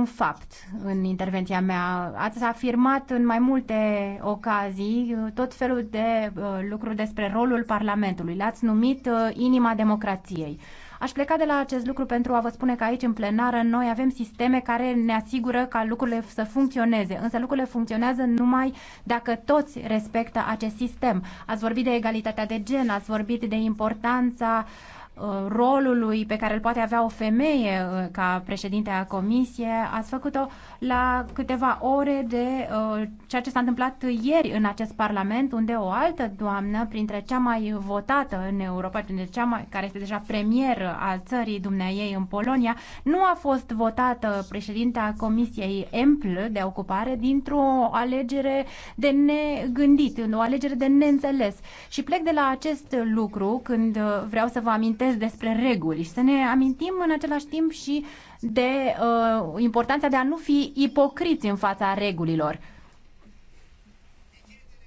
un fapt în intervenția mea. Ați afirmat în mai multe ocazii uh, tot felul de uh, lucruri despre rolul Parlamentului. L-ați numit uh, inima democrației. Aș pleca de la acest lucru pentru a vă spune că aici, în plenară, noi avem sisteme care ne asigură ca lucrurile să funcționeze. Însă lucrurile funcționează numai dacă toți respectă acest sistem. Ați vorbit de egalitatea de gen, ați vorbit de importanța uh, rolului pe care îl poate avea o femeie uh, ca președinte a comisie, ați făcut-o la câteva ore de uh, ceea ce s-a întâmplat ieri în acest parlament, unde o altă doamnă, printre cea mai votată în Europa, printre cea mai, care este deja premier al țării dumneaei în Polonia, nu a fost votată președinta comisiei EMPL de ocupare dintr-o alegere de negândit, o alegere de neînțeles. Și plec de la acest lucru când uh, vreau să vă amintesc vorbesc despre reguli și să ne amintim în același timp și de uh, importanța de a nu fi ipocriți în fața regulilor.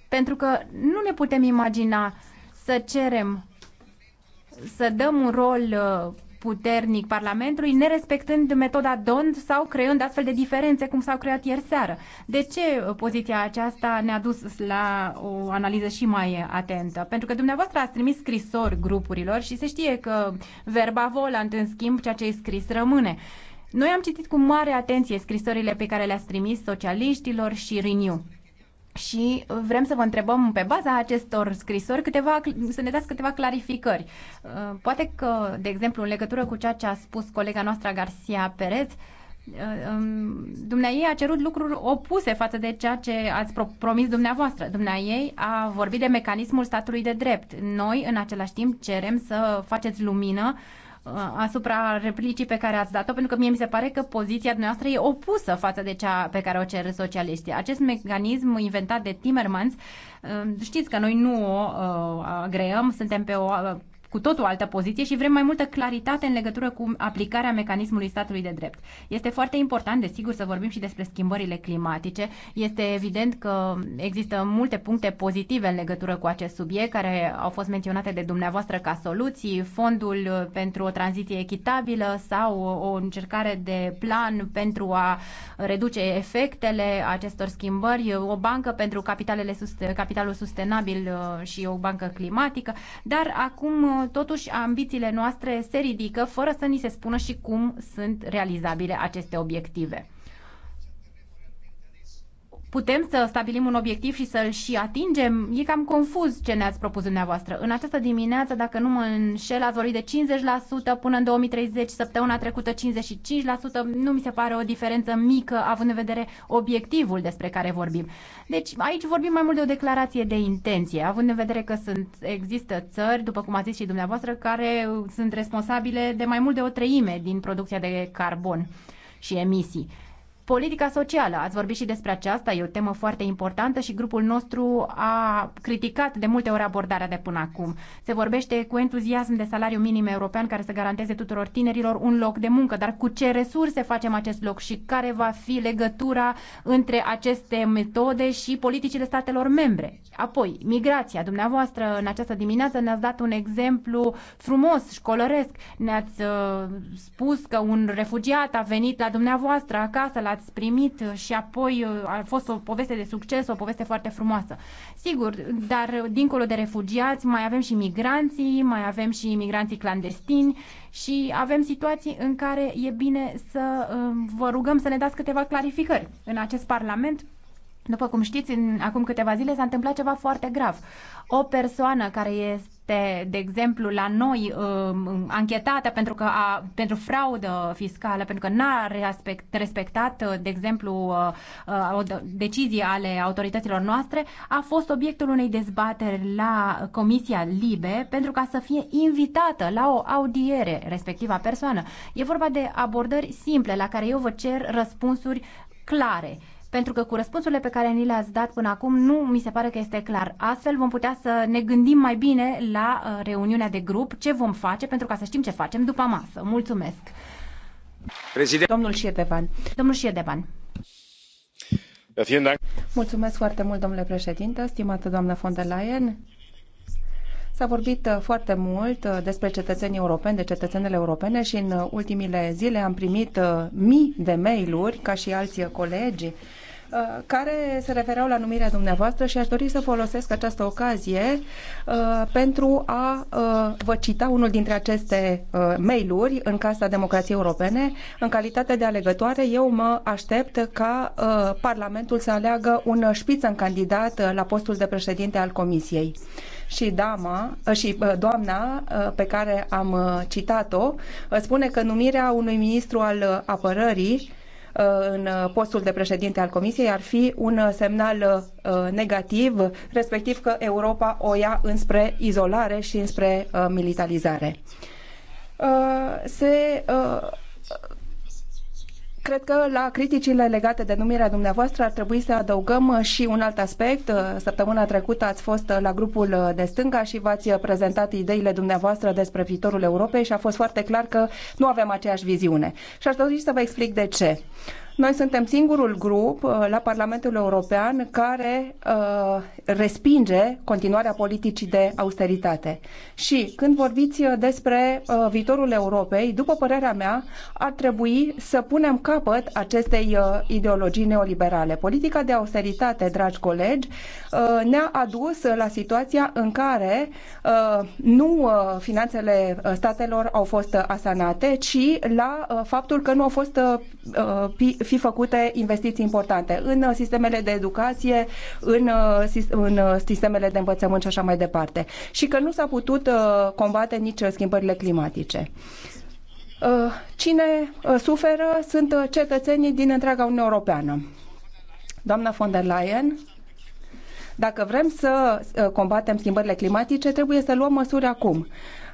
Pentru că nu ne putem imagina să cerem să dăm un rol uh, puternic Parlamentului, nerespectând metoda DOND sau creând astfel de diferențe cum s-au creat ieri seară. De ce uh, poziția aceasta ne-a dus la o analiză și mai atentă? Pentru că dumneavoastră ați trimis scrisori grupurilor și se știe că verba volant, în schimb, ceea ce e scris rămâne. Noi am citit cu mare atenție scrisorile pe care le-ați trimis socialiștilor și Renew și vrem să vă întrebăm pe baza acestor scrisori câteva, să ne dați câteva clarificări. Uh, poate că, de exemplu, în legătură cu ceea ce a spus colega noastră Garcia Perez, uh, um, dumneai a cerut lucruri opuse față de ceea ce ați promis dumneavoastră. Dumneai a vorbit de mecanismul statului de drept. Noi, în același timp, cerem să faceți lumină Uh, asupra replicii pe care ați dat-o, pentru că mie mi se pare că poziția noastră e opusă față de cea pe care o cer socialiștii. Acest mecanism inventat de Timmermans, uh, știți că noi nu o uh, agreăm, suntem pe o cu tot o altă poziție și vrem mai multă claritate în legătură cu aplicarea mecanismului statului de drept. Este foarte important, desigur, să vorbim și despre schimbările climatice. Este evident că există multe puncte pozitive în legătură cu acest subiect, care au fost menționate de dumneavoastră ca soluții, fondul pentru o tranziție echitabilă sau o încercare de plan pentru a reduce efectele acestor schimbări, o bancă pentru capitalele, capitalul sustenabil uh, și o bancă climatică. Dar acum uh, totuși ambițiile noastre se ridică fără să ni se spună și cum sunt realizabile aceste obiective putem să stabilim un obiectiv și să-l și atingem? E cam confuz ce ne-ați propus dumneavoastră. În această dimineață, dacă nu mă înșel, ați vorbit de 50% până în 2030, săptămâna trecută 55%. Nu mi se pare o diferență mică, având în vedere obiectivul despre care vorbim. Deci aici vorbim mai mult de o declarație de intenție, având în vedere că sunt, există țări, după cum ați zis și dumneavoastră, care sunt responsabile de mai mult de o treime din producția de carbon și emisii. Politica socială, ați vorbit și despre aceasta, e o temă foarte importantă și grupul nostru a criticat de multe ori abordarea de până acum. Se vorbește cu entuziasm de salariu minim european care să garanteze tuturor tinerilor un loc de muncă, dar cu ce resurse facem acest loc și care va fi legătura între aceste metode și politicile statelor membre? Apoi, migrația. Dumneavoastră, în această dimineață ne-ați dat un exemplu frumos, școlăresc. Ne-ați uh, spus că un refugiat a venit la dumneavoastră acasă, la ați primit și apoi uh, a fost o poveste de succes, o poveste foarte frumoasă. Sigur, dar dincolo de refugiați mai avem și migranții, mai avem și migranții clandestini și avem situații în care e bine să uh, vă rugăm să ne dați câteva clarificări. În acest Parlament după cum știți, în, acum câteva zile s-a întâmplat ceva foarte grav. O persoană care este, de exemplu, la noi uh, anchetată pentru, că a, pentru fraudă fiscală, pentru că n-a respect, respectat, uh, de exemplu, uh, uh, decizii ale autorităților noastre, a fost obiectul unei dezbateri la Comisia Libe pentru ca să fie invitată la o audiere respectiva persoană. E vorba de abordări simple la care eu vă cer răspunsuri clare pentru că cu răspunsurile pe care ni le-ați dat până acum nu mi se pare că este clar. Astfel vom putea să ne gândim mai bine la uh, reuniunea de grup, ce vom face, pentru ca să știm ce facem după masă. Mulțumesc! Prezident... Domnul Șiedevan. Domnul Șiedevan. Mulțumesc foarte mult, domnule președinte, stimată doamnă von der Leyen. S-a vorbit uh, foarte mult uh, despre cetățenii europeni, de cetățenele europene și în ultimile zile am primit mii de mail-uri, ca și alții colegi, Uh, care se refereau la numirea dumneavoastră și aș dori să folosesc această ocazie uh, pentru a uh, vă cita unul dintre aceste mail-uri în Casa Democrației Europene. În calitate de alegătoare, eu mă aștept ca Parlamentul să aleagă un șpiță candidat la postul de președinte al Comisiei și dama și doamna pe care am citat-o spune că numirea unui ministru al apărării Uh, în uh, postul de președinte al Comisiei ar fi un uh, semnal negativ, respectiv că Europa o ia înspre izolare și înspre militarizare se Cred că la criticile legate de numirea dumneavoastră ar trebui să adăugăm uh, și un alt aspect. Uh, săptămâna trecută ați fost uh, la grupul de stânga și v-ați prezentat ideile dumneavoastră despre viitorul Europei și a fost foarte clar că nu avem aceeași viziune. Și aș dori să vă explic de ce. Noi suntem singurul grup uh, la Parlamentul European care uh, respinge continuarea politicii de austeritate. Și când vorbiți uh, despre uh, viitorul Europei, după părerea mea, ar trebui să punem capăt acestei uh, ideologii neoliberale. Politica de austeritate, dragi colegi, uh, ne-a adus la situația în care uh, nu uh, finanțele uh, statelor au fost asanate, ci la uh, faptul că nu au fost uh, fi făcute investiții importante în uh, sistemele de educație, în, uh, în uh, sistemele de învățământ și așa mai departe. Și că nu s-a putut combate nici schimbările climatice. Cine suferă sunt cetățenii din întreaga Uniune Europeană. Doamna von der Leyen, dacă vrem să combatem schimbările climatice, trebuie să luăm măsuri acum.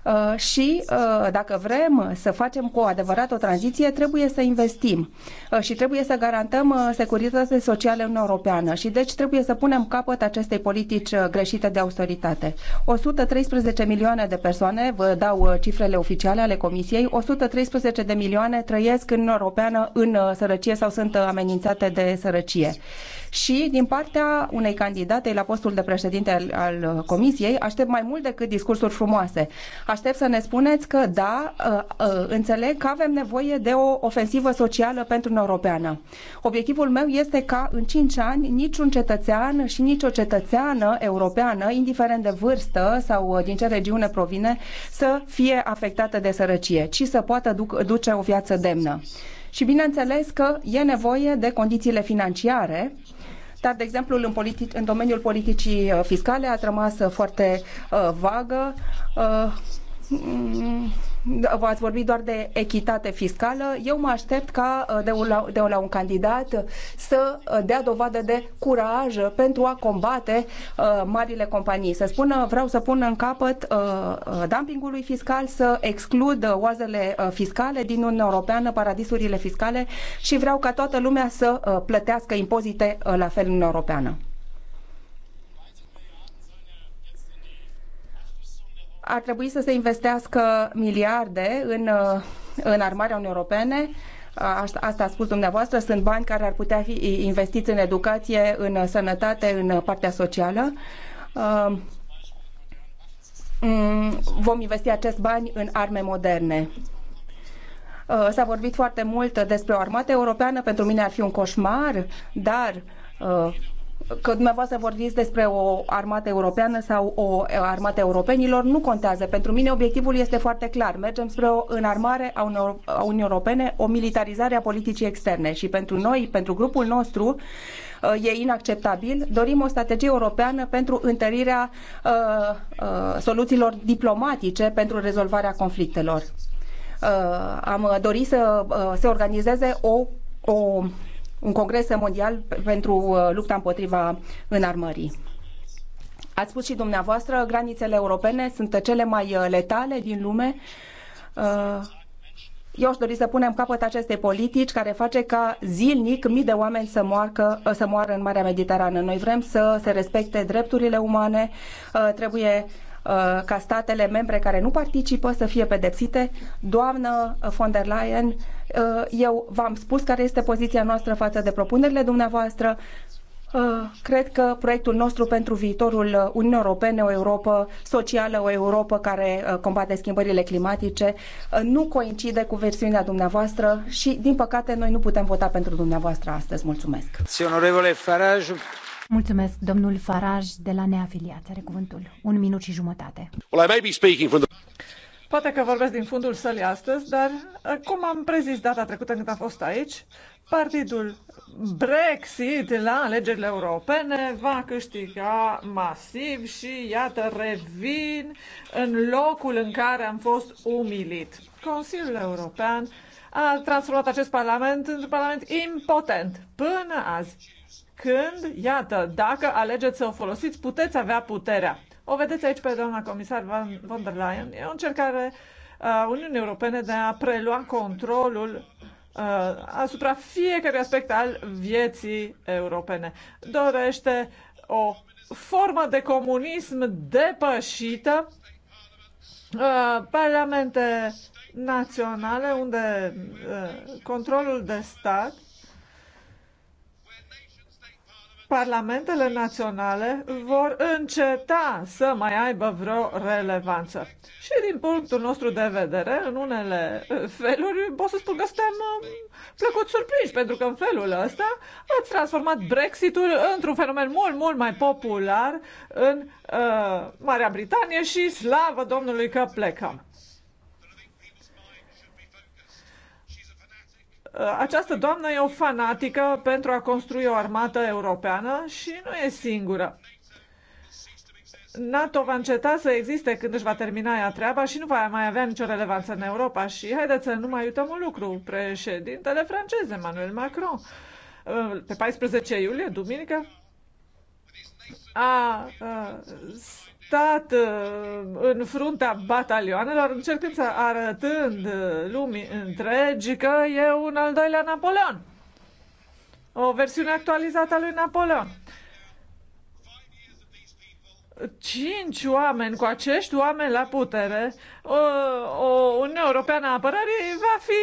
Uh, și uh, dacă vrem să facem cu adevărat o tranziție, trebuie să investim uh, și trebuie să garantăm securitatea socială în europeană și deci trebuie să punem capăt acestei politici greșite de austeritate. 113 milioane de persoane, vă dau cifrele oficiale ale Comisiei, 113 de milioane trăiesc în europeană în sărăcie sau sunt amenințate de sărăcie și din partea unei candidate la postul de președinte al, al Comisiei aștept mai mult decât discursuri frumoase. Aștept să ne spuneți că da, uh, uh, înțeleg că avem nevoie de o ofensivă socială pentru Uniunea Europeană. Obiectivul meu este ca în 5 ani niciun cetățean și nicio cetățeană europeană, indiferent de vârstă sau uh, din ce regiune provine, să fie afectată de sărăcie, ci să poată duc, duce o viață demnă. Și bineînțeles că e nevoie de condițiile financiare dar, de exemplu, în, politici, în domeniul politicii uh, fiscale a rămas uh, foarte uh, vagă. Uh, mm, ați vorbit doar de echitate fiscală. Eu mă aștept ca uh, de la, de la un candidat să uh, dea dovadă de curaj pentru a combate uh, marile companii. Să spună, vreau să pun în capăt uh, uh dumpingului fiscal, să exclud oazele fiscale din Uniunea Europeană, paradisurile fiscale și vreau ca toată lumea să plătească impozite la fel în Uniunea Europeană. ar trebui să se investească miliarde în, uh, în armarea Uniunii Europene. Uh, asta a spus dumneavoastră, sunt bani care ar putea fi investiți în educație, în uh, sănătate, în partea socială. Mm, vom investi acest bani în arme moderne. S-a vorbit foarte mult despre o armată europeană, pentru mine ar fi un coșmar, dar că dumneavoastră vorbiți despre o armată europeană sau o armată europenilor nu contează. Pentru mine obiectivul este foarte clar. Mergem spre o înarmare a Uniunii Europene, o militarizare a politicii externe și pentru noi, pentru grupul nostru, uh, e inacceptabil. Dorim o strategie europeană pentru întărirea uh, uh, soluțiilor diplomatice pentru rezolvarea conflictelor. Uh, am dorit să uh, se organizeze o, o un congres mondial pentru uh, lupta împotriva înarmării. Ați spus și dumneavoastră, granițele europene sunt cele mai uh, letale din lume. Uh, eu aș dori să punem capăt acestei politici care face ca zilnic mii de oameni să, moarcă, să moară în Marea Mediterană. Noi vrem să se respecte drepturile umane, trebuie Uh, ca statele membre care nu participă să fie pedepsite. Doamnă von der Leyen, uh, eu v-am spus care este poziția noastră față de propunerile dumneavoastră. Uh, cred că proiectul nostru pentru viitorul Uniunii Europene, o Europă socială, o Europă care combate schimbările climatice, nu coincide cu versiunea dumneavoastră și, din păcate, noi nu putem vota pentru dumneavoastră astăzi. Mulțumesc! Onorevole Mulțumesc, domnul Faraj, de la neafiliat. Are cuvântul. Un minut și jumătate. Well, I may be speaking from the. Poate că vorbesc din fundul sălii astăzi, dar eh, cum am prezis data trecută când am fost aici, partidul Brexit la alegerile europene va câștiga masiv și iată revin în locul în care am fost umilit. Consiliul European a transformat acest parlament într-un parlament impotent până azi când, iată, dacă alegeți să o folosiți, puteți avea puterea. O vedeți aici pe doamna comisar Van, von der Leyen. E o încercare a uh, Uniunii Europene de a prelua controlul uh, asupra fiecărui aspect al vieții europene. Dorește o formă de comunism depășită, uh, parlamente naționale unde uh, controlul de stat parlamentele naționale vor înceta să mai aibă vreo relevanță. Și din punctul nostru de vedere, în unele feluri, pot să spun că suntem um, plăcut surprinși, pentru că în felul ăsta ați transformat Brexitul într-un fenomen mult, mult mai popular în uh, Marea Britanie și slavă Domnului că plecăm. Uh, această doamnă e o fanatică pentru a construi o armată europeană și nu e singură. NATO va înceta să existe când își va termina ea treaba și nu va mai avea nicio relevanță în Europa. Și haideți să nu mai uităm un lucru. Președintele francez, Emmanuel Macron, uh, pe 14 iulie, duminică, a, a uh, stat uh, în fruntea batalioanelor, încercând să arătând uh, lumii întregi că e un al doilea Napoleon. O versiune actualizată a lui Napoleon cinci oameni cu acești oameni la putere, o, uh, o Uniune Europeană a Apărării va fi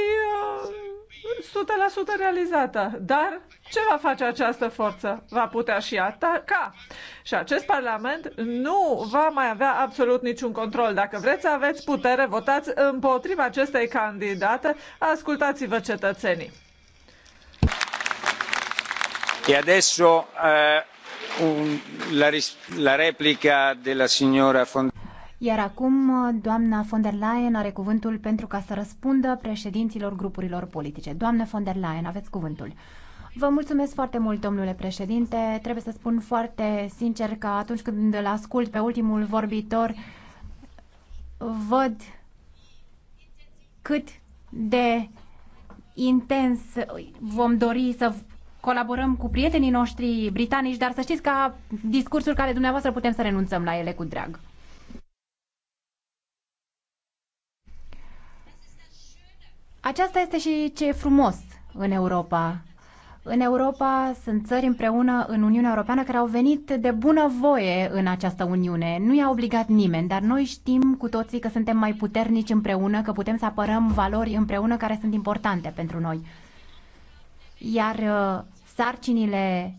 100% realizată. Dar ce va face această forță? Va putea și ataca. Și acest Parlament nu va mai avea absolut niciun control. Dacă vreți să aveți putere, votați împotriva acestei candidate, ascultați-vă cetățenii. E adesso uh, un, la, la replica la signora Fond iar acum, uh, doamna von der Leyen are cuvântul pentru ca să răspundă președinților grupurilor politice. Doamne von der Leyen, aveți cuvântul. Vă mulțumesc foarte mult, domnule președinte. Trebuie să spun foarte sincer că atunci când îl ascult pe ultimul vorbitor, văd cât de intens vom dori să colaborăm cu prietenii noștri britanici, dar să știți că discursuri care dumneavoastră putem să renunțăm la ele cu drag. Aceasta este și ce e frumos în Europa. În Europa sunt țări împreună în Uniunea Europeană care au venit de bună voie în această Uniune. Nu i-a obligat nimeni, dar noi știm cu toții că suntem mai puternici împreună, că putem să apărăm valori împreună care sunt importante pentru noi. Iar uh, sarcinile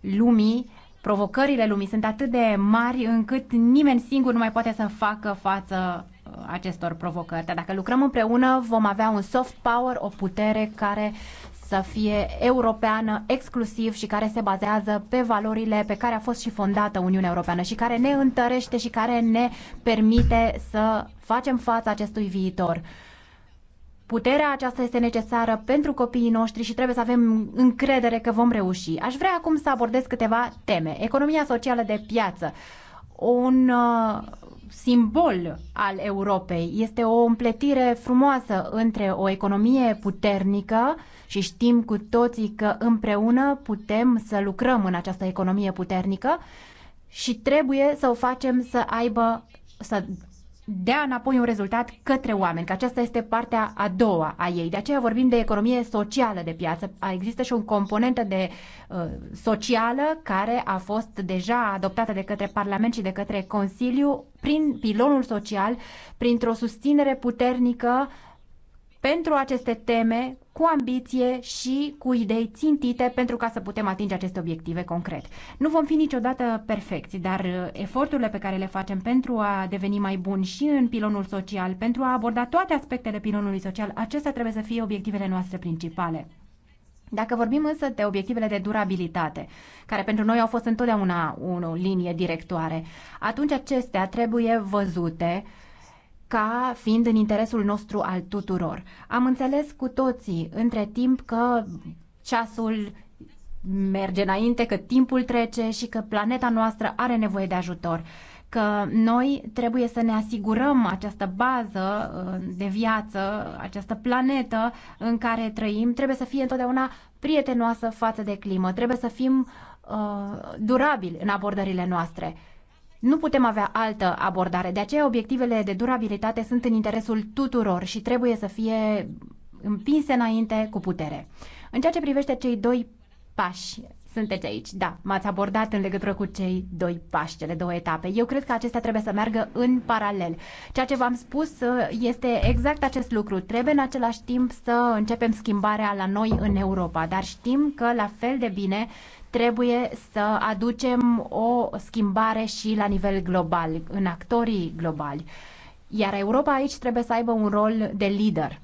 lumii, provocările lumii sunt atât de mari încât nimeni singur nu mai poate să facă față acestor provocări. Dar dacă lucrăm împreună, vom avea un soft power, o putere care să fie europeană, exclusiv și care se bazează pe valorile pe care a fost și fondată Uniunea Europeană și care ne întărește și care ne permite să facem față acestui viitor. Puterea aceasta este necesară pentru copiii noștri și trebuie să avem încredere că vom reuși. Aș vrea acum să abordez câteva teme. Economia socială de piață, un uh, simbol al Europei. Este o împletire frumoasă între o economie puternică și știm cu toții că împreună putem să lucrăm în această economie puternică și trebuie să o facem să aibă să dea înapoi un rezultat către oameni, că aceasta este partea a doua a ei. De aceea vorbim de economie socială de piață. Există și o componentă de uh, socială care a fost deja adoptată de către Parlament și de către Consiliu prin pilonul social, printr-o susținere puternică pentru aceste teme cu ambiție și cu idei țintite pentru ca să putem atinge aceste obiective concret. Nu vom fi niciodată perfecți, dar uh, eforturile pe care le facem pentru a deveni mai buni și în pilonul social, pentru a aborda toate aspectele pilonului social, acestea trebuie să fie obiectivele noastre principale. Dacă vorbim însă de obiectivele de durabilitate, care pentru noi au fost întotdeauna o linie directoare, atunci acestea trebuie văzute uh, ca fiind în interesul nostru al tuturor. Am înțeles cu toții între timp că ceasul merge înainte, că timpul trece și că planeta noastră are nevoie de ajutor că noi trebuie să ne asigurăm această bază uh, de viață, această planetă în care trăim, trebuie să fie întotdeauna prietenoasă față de climă, trebuie să fim uh, durabili în abordările noastre. Nu putem avea altă abordare. De aceea, obiectivele de durabilitate sunt în interesul tuturor și trebuie să fie împinse înainte cu putere. În ceea ce privește cei doi pași, sunteți aici, da, m-ați abordat în legătură cu cei doi pași, cele două etape. Eu cred că acestea trebuie să meargă în paralel. Ceea ce v-am spus uh, este exact acest lucru. Trebuie în același timp să începem schimbarea la noi în Europa, dar știm că la fel de bine trebuie să aducem o schimbare și la nivel global, în actorii globali. Iar Europa aici trebuie să aibă un rol de lider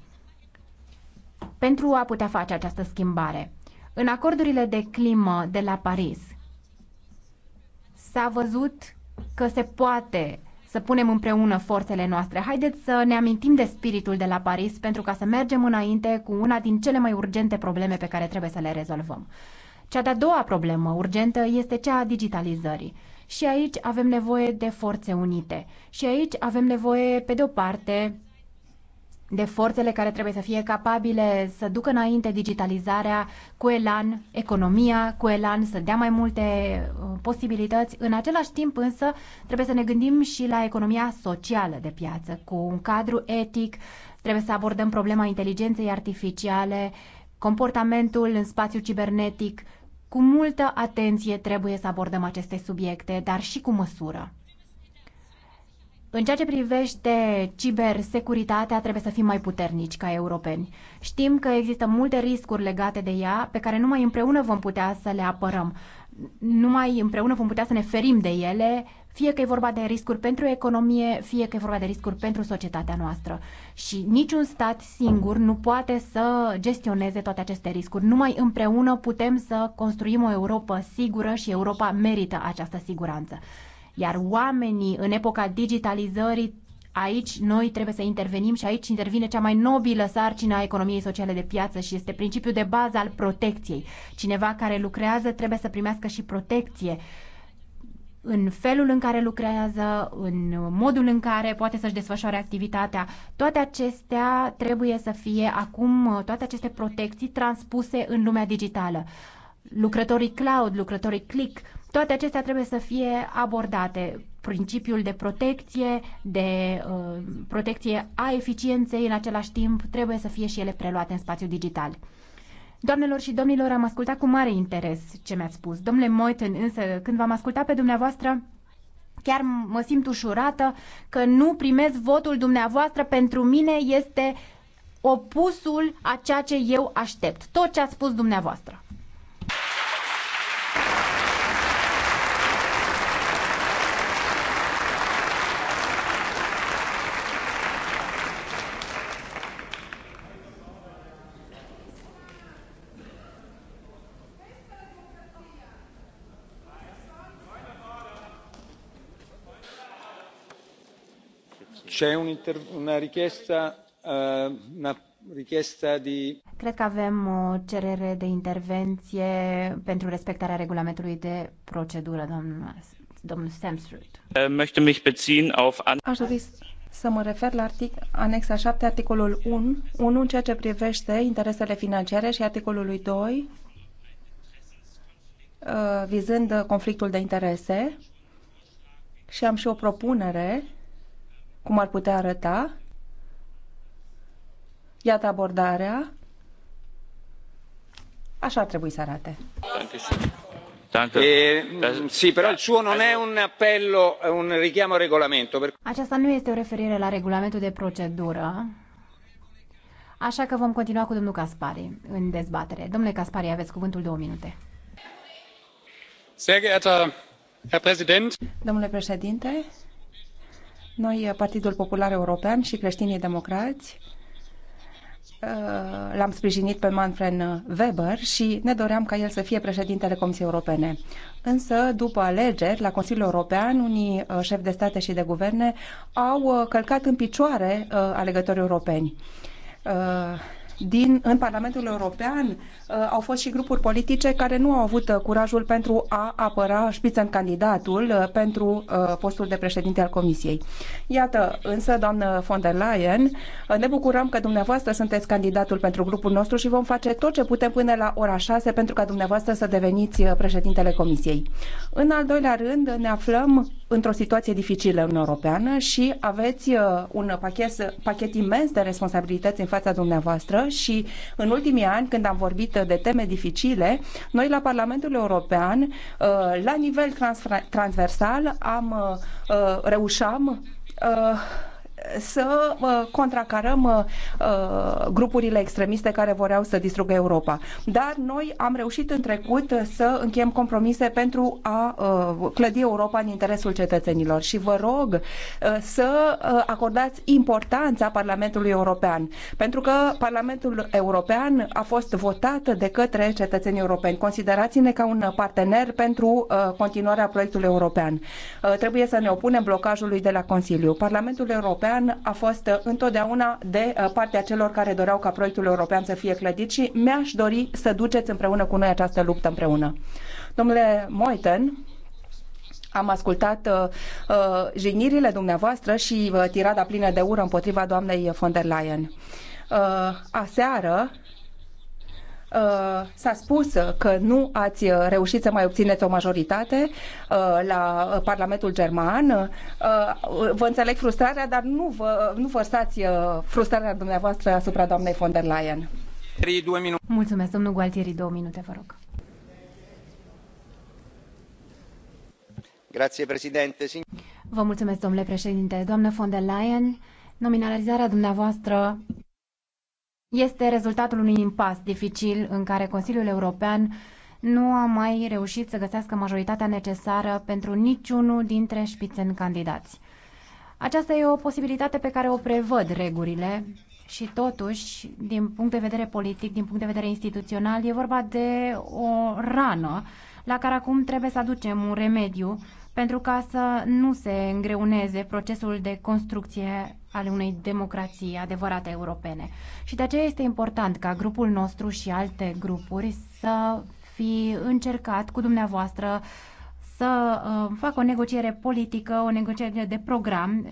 pentru a putea face această schimbare. În acordurile de climă de la Paris s-a văzut că se poate să punem împreună forțele noastre. Haideți să ne amintim de spiritul de la Paris pentru ca să mergem înainte cu una din cele mai urgente probleme pe care trebuie să le rezolvăm. Cea de-a doua problemă urgentă este cea a digitalizării. Și aici avem nevoie de forțe unite. Și aici avem nevoie, pe de o parte, de forțele care trebuie să fie capabile să ducă înainte digitalizarea cu elan, economia cu elan, să dea mai multe uh, posibilități. În același timp însă trebuie să ne gândim și la economia socială de piață, cu un cadru etic, trebuie să abordăm problema inteligenței artificiale, comportamentul în spațiu cibernetic, cu multă atenție trebuie să abordăm aceste subiecte, dar și cu măsură. În ceea ce privește cibersecuritatea, trebuie să fim mai puternici ca europeni. Știm că există multe riscuri legate de ea pe care numai împreună vom putea să le apărăm. Numai împreună vom putea să ne ferim de ele fie că e vorba de riscuri pentru economie, fie că e vorba de riscuri pentru societatea noastră. Și niciun stat singur nu poate să gestioneze toate aceste riscuri. Numai împreună putem să construim o Europa sigură și Europa merită această siguranță. Iar oamenii în epoca digitalizării aici noi trebuie să intervenim și aici intervine cea mai nobilă sarcină a economiei sociale de piață și este principiul de bază al protecției. Cineva care lucrează trebuie să primească și protecție în felul în care lucrează, în modul în care poate să-și desfășoare activitatea. Toate acestea trebuie să fie acum, toate aceste protecții transpuse în lumea digitală. Lucrătorii cloud, lucrătorii click, toate acestea trebuie să fie abordate. Principiul de protecție, de uh, protecție a eficienței în același timp, trebuie să fie și ele preluate în spațiul digital. Doamnelor și domnilor, am ascultat cu mare interes ce mi-ați spus. Domnule Moiten, însă, când v-am ascultat pe dumneavoastră, chiar mă simt ușurată că nu primez votul dumneavoastră. Pentru mine este opusul a ceea ce eu aștept. Tot ce a spus dumneavoastră. Eh, Cred că avem o cerere de intervenție pentru respectarea regulamentului de procedură, domnul, domnul eh, Aș dori să mă refer la artic- anexa 7, articolul 1, 1, în ceea ce privește interesele financiare și articolului 2, eh, vizând conflictul de interese. Și am și o propunere cum ar putea arăta? Iată abordarea. Așa trebuie să arate. Sì, però il suo non è un appello, un richiamo al regolamento. Aceasta nu este o referire la regulamentul de procedură. Așa că vom continua cu domnul Caspari în dezbatere. Domnule Caspari, aveți cuvântul două minute. Sehr geehrter Herr Präsident. Domnule președinte, noi, eh, Partidul Popular European și creștinii democrați, eh, l-am sprijinit pe Manfred Weber și ne doream ca el să fie președintele Comisiei Europene. Însă, după alegeri, la Consiliul European, unii eh, șefi de state și de guverne au călcat în picioare alegătorii europeni din, în Parlamentul European uh, au fost și grupuri politice care nu au avut uh, curajul pentru a apăra Spitzen candidatul uh, pentru postul de președinte al Comisiei. Iată, însă, doamnă von der Leyen, ne bucurăm că dumneavoastră sunteți candidatul pentru grupul nostru și vom face tot ce putem până la ora 6 pentru ca dumneavoastră să deveniți președintele Comisiei. În al doilea rând, ne aflăm într-o situație dificilă în Europeană și aveți uh, un pachet, pachet imens de responsabilități în fața dumneavoastră și în ultimii ani, când am vorbit de teme dificile, noi la Parlamentul European, uh, la nivel transversal, am uh, reușam să contracarăm ă, grupurile extremiste care voreau să distrugă Europa. Dar noi am reușit în trecut să încheiem compromise pentru a ă, clădi Europa în interesul cetățenilor și vă rog ă, să acordați importanța Parlamentului European, pentru că Parlamentul European a fost votat de către cetățenii europeni. Considerați-ne ca un partener pentru continuarea proiectului european. Trebuie să ne opunem blocajului de la Consiliu. Parlamentul European European a fost uh, întotdeauna de uh, partea celor care doreau ca proiectul european să fie clădit și mi-aș dori să duceți împreună cu noi această luptă împreună. Domnule Moiten, am ascultat uh, uh jignirile dumneavoastră și uh, tirada plină de ură împotriva doamnei von der Leyen. Uh, aseară, Uh, s-a spus că nu ați reușit să mai obțineți o majoritate uh, la Parlamentul German. Uh, vă înțeleg frustrarea, dar nu vă, nu vă frustrarea dumneavoastră asupra doamnei von der Leyen. Mulțumesc, domnul Gualtieri, două minute, vă rog. Grazie, președinte. Vă mulțumesc, domnule președinte. Doamnă von der Leyen, nominalizarea dumneavoastră este rezultatul unui impas dificil în care Consiliul European nu a mai reușit să găsească majoritatea necesară pentru niciunul dintre șpițeni candidați. Aceasta e o posibilitate pe care o prevăd regulile și totuși, din punct de vedere politic, din punct de vedere instituțional, e vorba de o rană la care acum trebuie să aducem un remediu pentru ca să nu se îngreuneze procesul de construcție ale unei democrații adevărate europene. Și de aceea este important ca grupul nostru și alte grupuri să fi încercat cu dumneavoastră să uh, facă o negociere politică, o negociere de program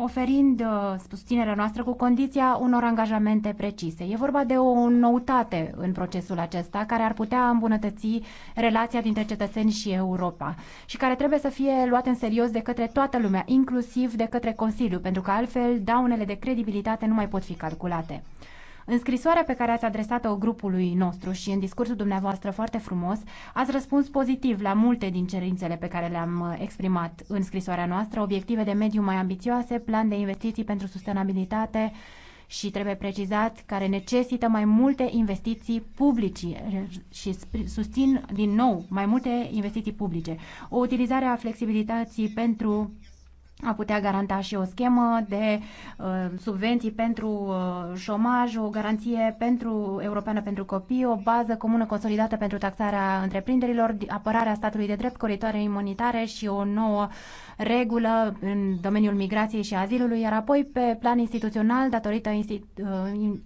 oferind uh, susținerea noastră cu condiția unor angajamente precise. E vorba de o noutate în procesul acesta care ar putea îmbunătăți relația dintre cetățeni și Europa și care trebuie să fie luat în serios de către toată lumea, inclusiv de către Consiliu, pentru că altfel daunele de credibilitate nu mai pot fi calculate. În scrisoarea pe care ați adresat-o grupului nostru și în discursul dumneavoastră foarte frumos, ați răspuns pozitiv la multe din cerințele pe care le-am uh, exprimat în scrisoarea noastră, obiective de mediu mai ambițioase, plan de investiții pentru sustenabilitate, și trebuie precizat care necesită mai multe investiții publice și susțin din nou mai multe investiții publice. O utilizare a flexibilității pentru a putea garanta și o schemă de uh, subvenții pentru uh, șomaj, o garanție pentru europeană pentru copii, o bază comună consolidată pentru taxarea întreprinderilor, apărarea statului de drept, coritoare imunitare și o nouă uh, regulă în domeniul migrației și azilului, iar apoi pe plan instituțional, datorită uh,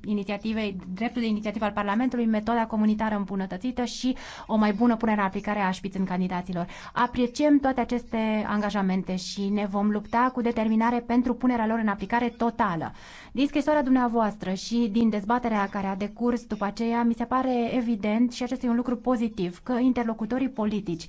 inițiativei, dreptului de inițiativă al Parlamentului, metoda comunitară îmbunătățită și o mai bună punere în aplicare a în candidaților. Apreciem toate aceste angajamente și ne vom lupta cu determinare pentru punerea lor în aplicare totală. Din scrisoarea dumneavoastră și din dezbaterea care a decurs după aceea, mi se pare evident și acesta e un lucru pozitiv, că interlocutorii politici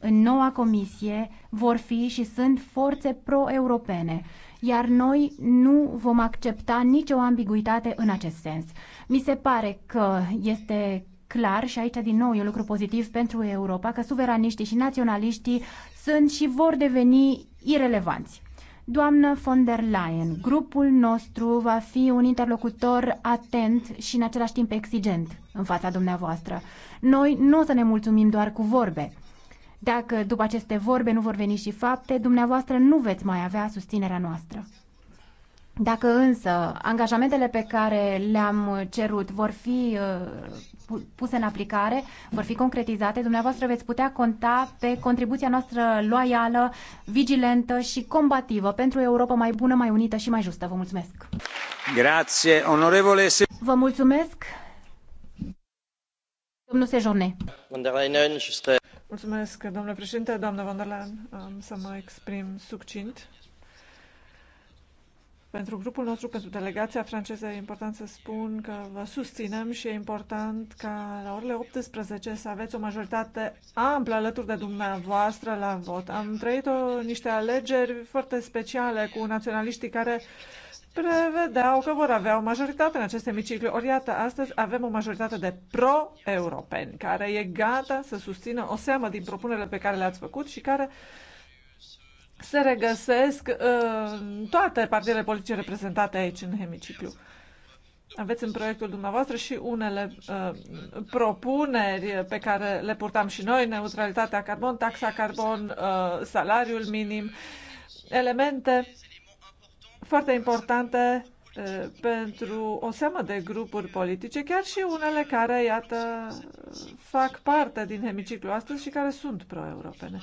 în noua comisie vor fi și sunt forțe pro-europene, iar noi nu vom accepta nicio ambiguitate în acest sens. Mi se pare că este clar și aici din nou e un lucru pozitiv pentru Europa că suveraniștii și naționaliștii sunt și vor deveni irelevanți. Doamnă von der Leyen, grupul nostru va fi un interlocutor atent și în același timp exigent în fața dumneavoastră. Noi nu o să ne mulțumim doar cu vorbe. Dacă după aceste vorbe nu vor veni și fapte, dumneavoastră nu veți mai avea susținerea noastră. Dacă însă angajamentele pe care le-am cerut vor fi uh, puse în aplicare, vor fi concretizate, dumneavoastră veți putea conta pe contribuția noastră loială, vigilentă și combativă pentru o Europa mai bună, mai unită și mai justă. Vă mulțumesc! Grazie, onorevole... Vă mulțumesc, domnul Sejone. Mulțumesc, domnule președinte, doamnă von der Leyen. Am să mă exprim succint. Pentru grupul nostru, pentru delegația franceză, e important să spun că vă susținem și e important ca la orele 18 să aveți o majoritate amplă alături de dumneavoastră la vot. Am trăit o, niște alegeri foarte speciale cu naționaliștii care uh, prevedeau că vor avea o majoritate în acest emiciclu. Ori iată, astăzi avem o majoritate de pro-europeni care e gata să susțină o seamă din propunerile pe care le-ați făcut și care se regăsesc uh, în toate partidele politice reprezentate aici în hemiciclu. Aveți în proiectul dumneavoastră și unele uh, propuneri pe care le purtam și noi, neutralitatea carbon, taxa carbon, uh, salariul minim, elemente uh, foarte importante pentru o seamă de grupuri politice, chiar și unele care, iată, fac parte din hemiciclu astăzi și care sunt pro-europene.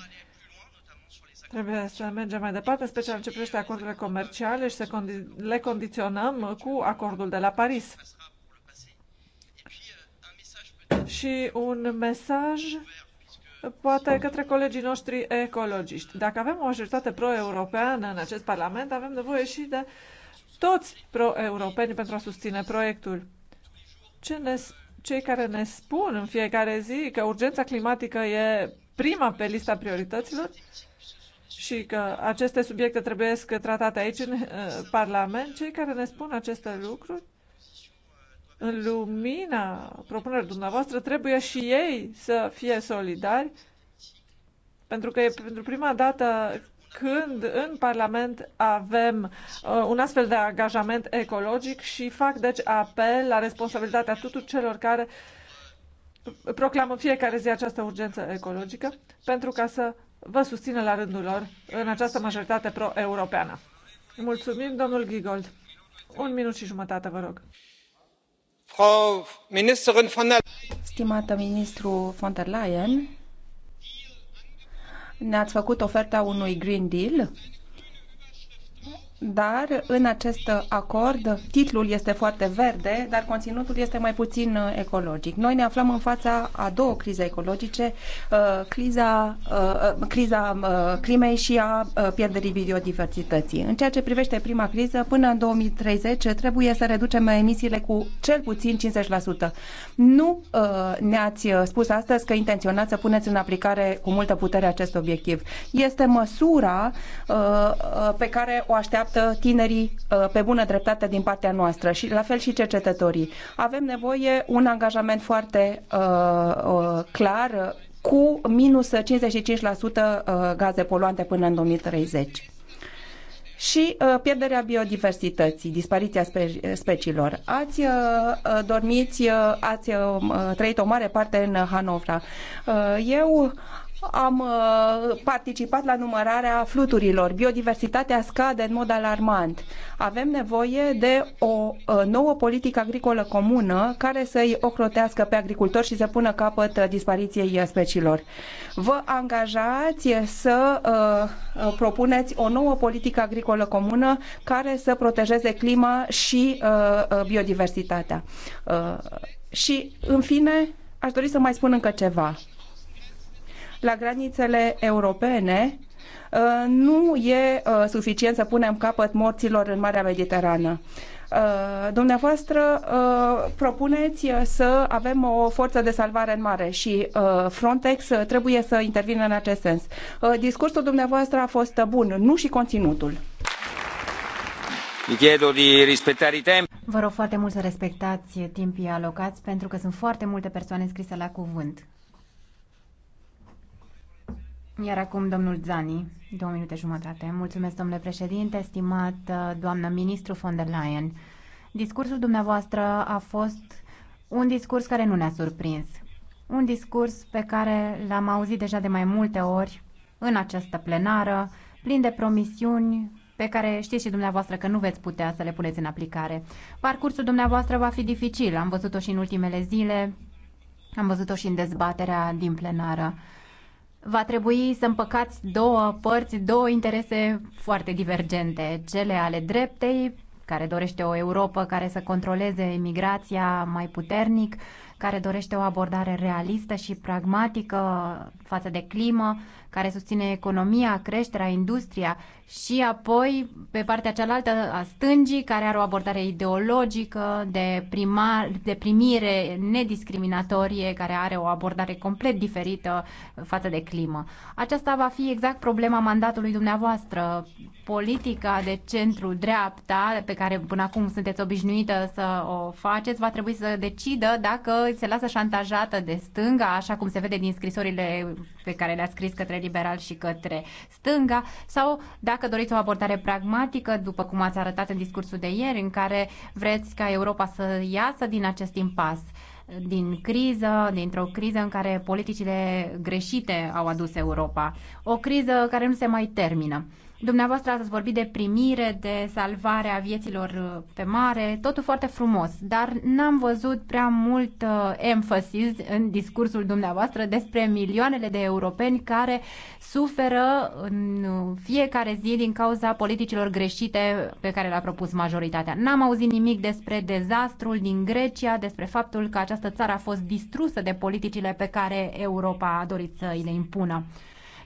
Trebuie să mergem mai departe, în special în ce privește acordurile comerciale și să condi le condiționăm cu acordul de la Paris. Și un mesaj poate către colegii noștri ecologiști. Dacă avem o majoritate pro-europeană în acest Parlament, avem nevoie și de toți pro-europeni pentru a susține proiectul. Ce ne, cei care ne spun în fiecare zi că urgența climatică e prima pe lista priorităților și că aceste subiecte trebuie tratate aici în eh, Parlament, cei care ne spun aceste lucruri în lumina propunerii dumneavoastră trebuie și ei să fie solidari, pentru că e pentru prima dată când în Parlament avem uh, un astfel de angajament ecologic și fac deci apel la responsabilitatea tuturor celor care proclamă fiecare zi această urgență ecologică pentru ca să vă susțină la rândul lor în această majoritate pro-europeană. Mulțumim, domnul Gigold. Un minut și jumătate, vă rog. Stimată ministru von der Leyen, ne-ați făcut oferta unui Green Deal dar în acest acord titlul este foarte verde, dar conținutul este mai puțin uh, ecologic. Noi ne aflăm în fața a două crize ecologice, uh, criza, uh, criza climei și a pierderii biodiversității. În ceea ce privește prima criză, până în 2030 trebuie să reducem emisiile cu cel puțin 50%. Nu ne-ați spus astăzi că intenționați să puneți în aplicare cu multă putere acest obiectiv. Este măsura pe care o așteaptă așteaptă tinerii uh, pe bună dreptate din partea noastră și la fel și cercetătorii. Avem nevoie un angajament foarte uh, uh clar cu minus 55% uh, gaze poluante până în 2030 și pierderea biodiversității, dispariția speciilor. Ați dormiți, ați trăit o mare parte în Hanovra. Eu am uh, participat la numărarea fluturilor. Biodiversitatea scade în mod alarmant. Avem nevoie de o uh, nouă politică agricolă comună care să-i ocrotească pe agricultori și să pună capăt uh, dispariției speciilor. Vă angajați să propuneți o nouă politică agricolă comună care să protejeze clima și biodiversitatea. Și, în fine, aș dori să mai spun încă ceva la granițele europene, uh, nu e uh, suficient să punem capăt morților în Marea Mediterană. Uh, dumneavoastră propuneți să avem o forță de salvare în mare și Frontex trebuie să intervină în acest sens. Discursul dumneavoastră a fost bun, nu și conținutul. Vă rog foarte mult să respectați timpii alocați pentru că sunt foarte multe persoane scrise la cuvânt. Iar acum domnul Zani, două minute jumătate. Mulțumesc, domnule președinte, estimat uh, doamnă ministru von der Leyen. Discursul dumneavoastră a fost un discurs care nu ne-a surprins. Un discurs pe care l-am auzit deja de mai multe ori în această plenară, plin de promisiuni pe care știți și dumneavoastră că nu veți putea să le puneți în aplicare. Parcursul dumneavoastră va fi dificil, am văzut-o și în ultimele zile, am văzut-o și în dezbaterea din plenară va trebui să împăcați două părți, două interese foarte divergente, cele ale dreptei, care dorește o Europa care să controleze emigrația mai puternic care dorește o abordare realistă și pragmatică față de climă, care susține economia, creșterea, industria și apoi pe partea cealaltă a stângii, care are o abordare ideologică de, primar, de primire nediscriminatorie, care are o abordare complet diferită față de climă. Aceasta va fi exact problema mandatului dumneavoastră. Politica de centru-dreapta, pe care până acum sunteți obișnuită să o faceți, va trebui să decidă dacă se lasă șantajată de stânga, așa cum se vede din scrisorile pe care le-a scris către liberal și către stânga, sau dacă doriți o abordare pragmatică, după cum ați arătat în discursul de ieri, în care vreți ca Europa să iasă din acest impas din criză, dintr-o criză în care politicile greșite au adus Europa. O criză care nu se mai termină. Dumneavoastră ați vorbit de primire, de salvare a vieților uh, pe mare, totul foarte frumos, dar n-am văzut prea mult uh, emphasis în discursul dumneavoastră despre milioanele de europeni care suferă în uh, fiecare zi din cauza politicilor greșite pe care le-a propus majoritatea. N-am auzit nimic despre dezastrul din Grecia, despre faptul că această țară a fost distrusă de politicile pe care Europa a dorit să îi le impună.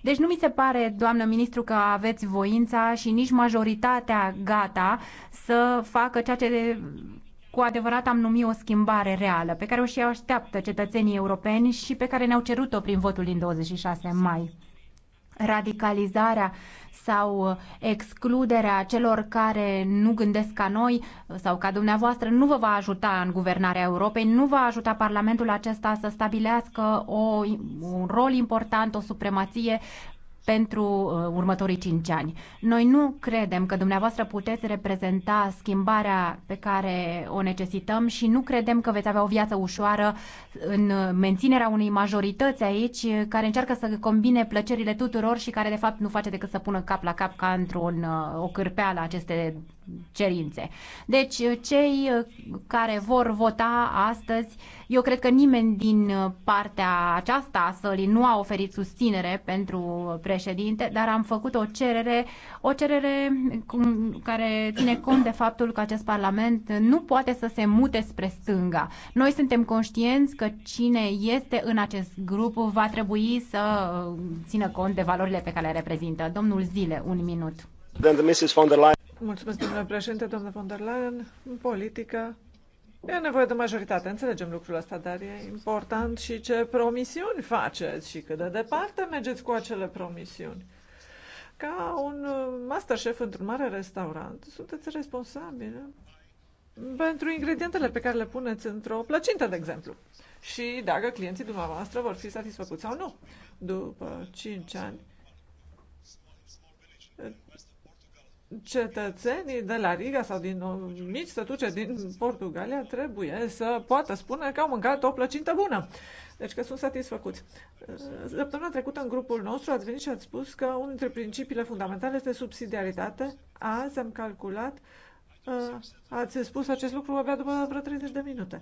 Deci nu mi se pare, doamnă ministru, că aveți voința și nici majoritatea gata să facă ceea ce cu adevărat am numit o schimbare reală, pe care o și așteaptă cetățenii europeni și pe care ne-au cerut-o prin votul din 26 mai radicalizarea sau excluderea celor care nu gândesc ca noi sau ca dumneavoastră nu vă va ajuta în guvernarea Europei, nu va ajuta Parlamentul acesta să stabilească o, un rol important, o supremație pentru uh, următorii cinci ani. Noi nu credem că dumneavoastră puteți reprezenta schimbarea pe care o necesităm și nu credem că veți avea o viață ușoară în menținerea unei majorități aici uh, care încearcă să combine plăcerile tuturor și care de fapt nu face decât să pună cap la cap ca într-o uh, cârpeală aceste cerințe. Deci, cei uh, care vor vota astăzi, eu cred că nimeni din uh, partea aceasta a sălii nu a oferit susținere pentru președinte, dar am făcut o cerere, o cerere care ține cont de faptul că acest parlament nu poate să se mute spre stânga. Noi suntem conștienți că cine este în acest grup va trebui să uh, țină cont de valorile pe care le reprezintă. Domnul Zile, un minut. Mulțumesc, domnule președinte, domnule von der Leyen. În politică e nevoie de majoritate, înțelegem lucrul ăsta, dar e important și ce promisiuni faceți și cât de departe mergeți cu acele promisiuni. Ca un uh, masterchef într-un mare restaurant, sunteți responsabil pentru ingredientele pe care le puneți într-o plăcintă, de exemplu. Și dacă clienții dumneavoastră vor fi satisfăcuți sau nu. După 5 ani, cetățenii de la Riga sau din mici sătuce din Portugalia trebuie să poată spune că au mâncat o plăcintă bună. Deci că sunt satisfăcuți. Săptămâna trecută în grupul nostru ați venit și ați spus că unul dintre principiile fundamentale este subsidiaritate. Azi am calculat, uh, ați spus acest lucru abia după vreo 30 de minute.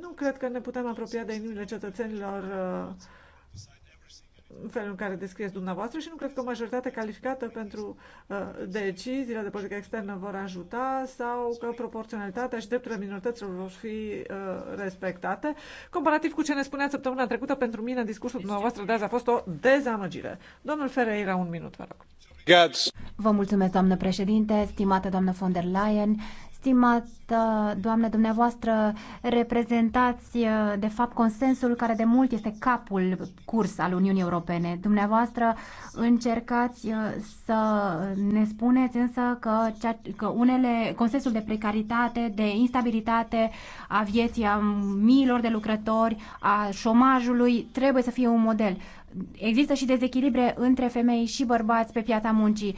Nu cred că ne putem apropia de inimile cetățenilor uh, felul în care descrieți dumneavoastră și nu cred că o majoritate calificată pentru uh, deciziile de politică externă vor ajuta sau că proporționalitatea și drepturile minorităților vor fi uh, respectate. Comparativ cu ce ne spunea săptămâna trecută, pentru mine discursul dumneavoastră de azi a fost o dezamăgire. Domnul Ferreira, un minut, vă rog. Vă mulțumesc, doamnă președinte, stimată doamnă von der Leyen. Stimată doamnă dumneavoastră, reprezentați uh, de fapt consensul care de mult este capul curs al Uniunii Europene. Dumneavoastră încercați uh, să ne spuneți însă că, cea, că unele consensul de precaritate, de instabilitate a vieții a miilor de lucrători, a șomajului trebuie să fie un model. Există și dezechilibre între femei și bărbați pe piața muncii,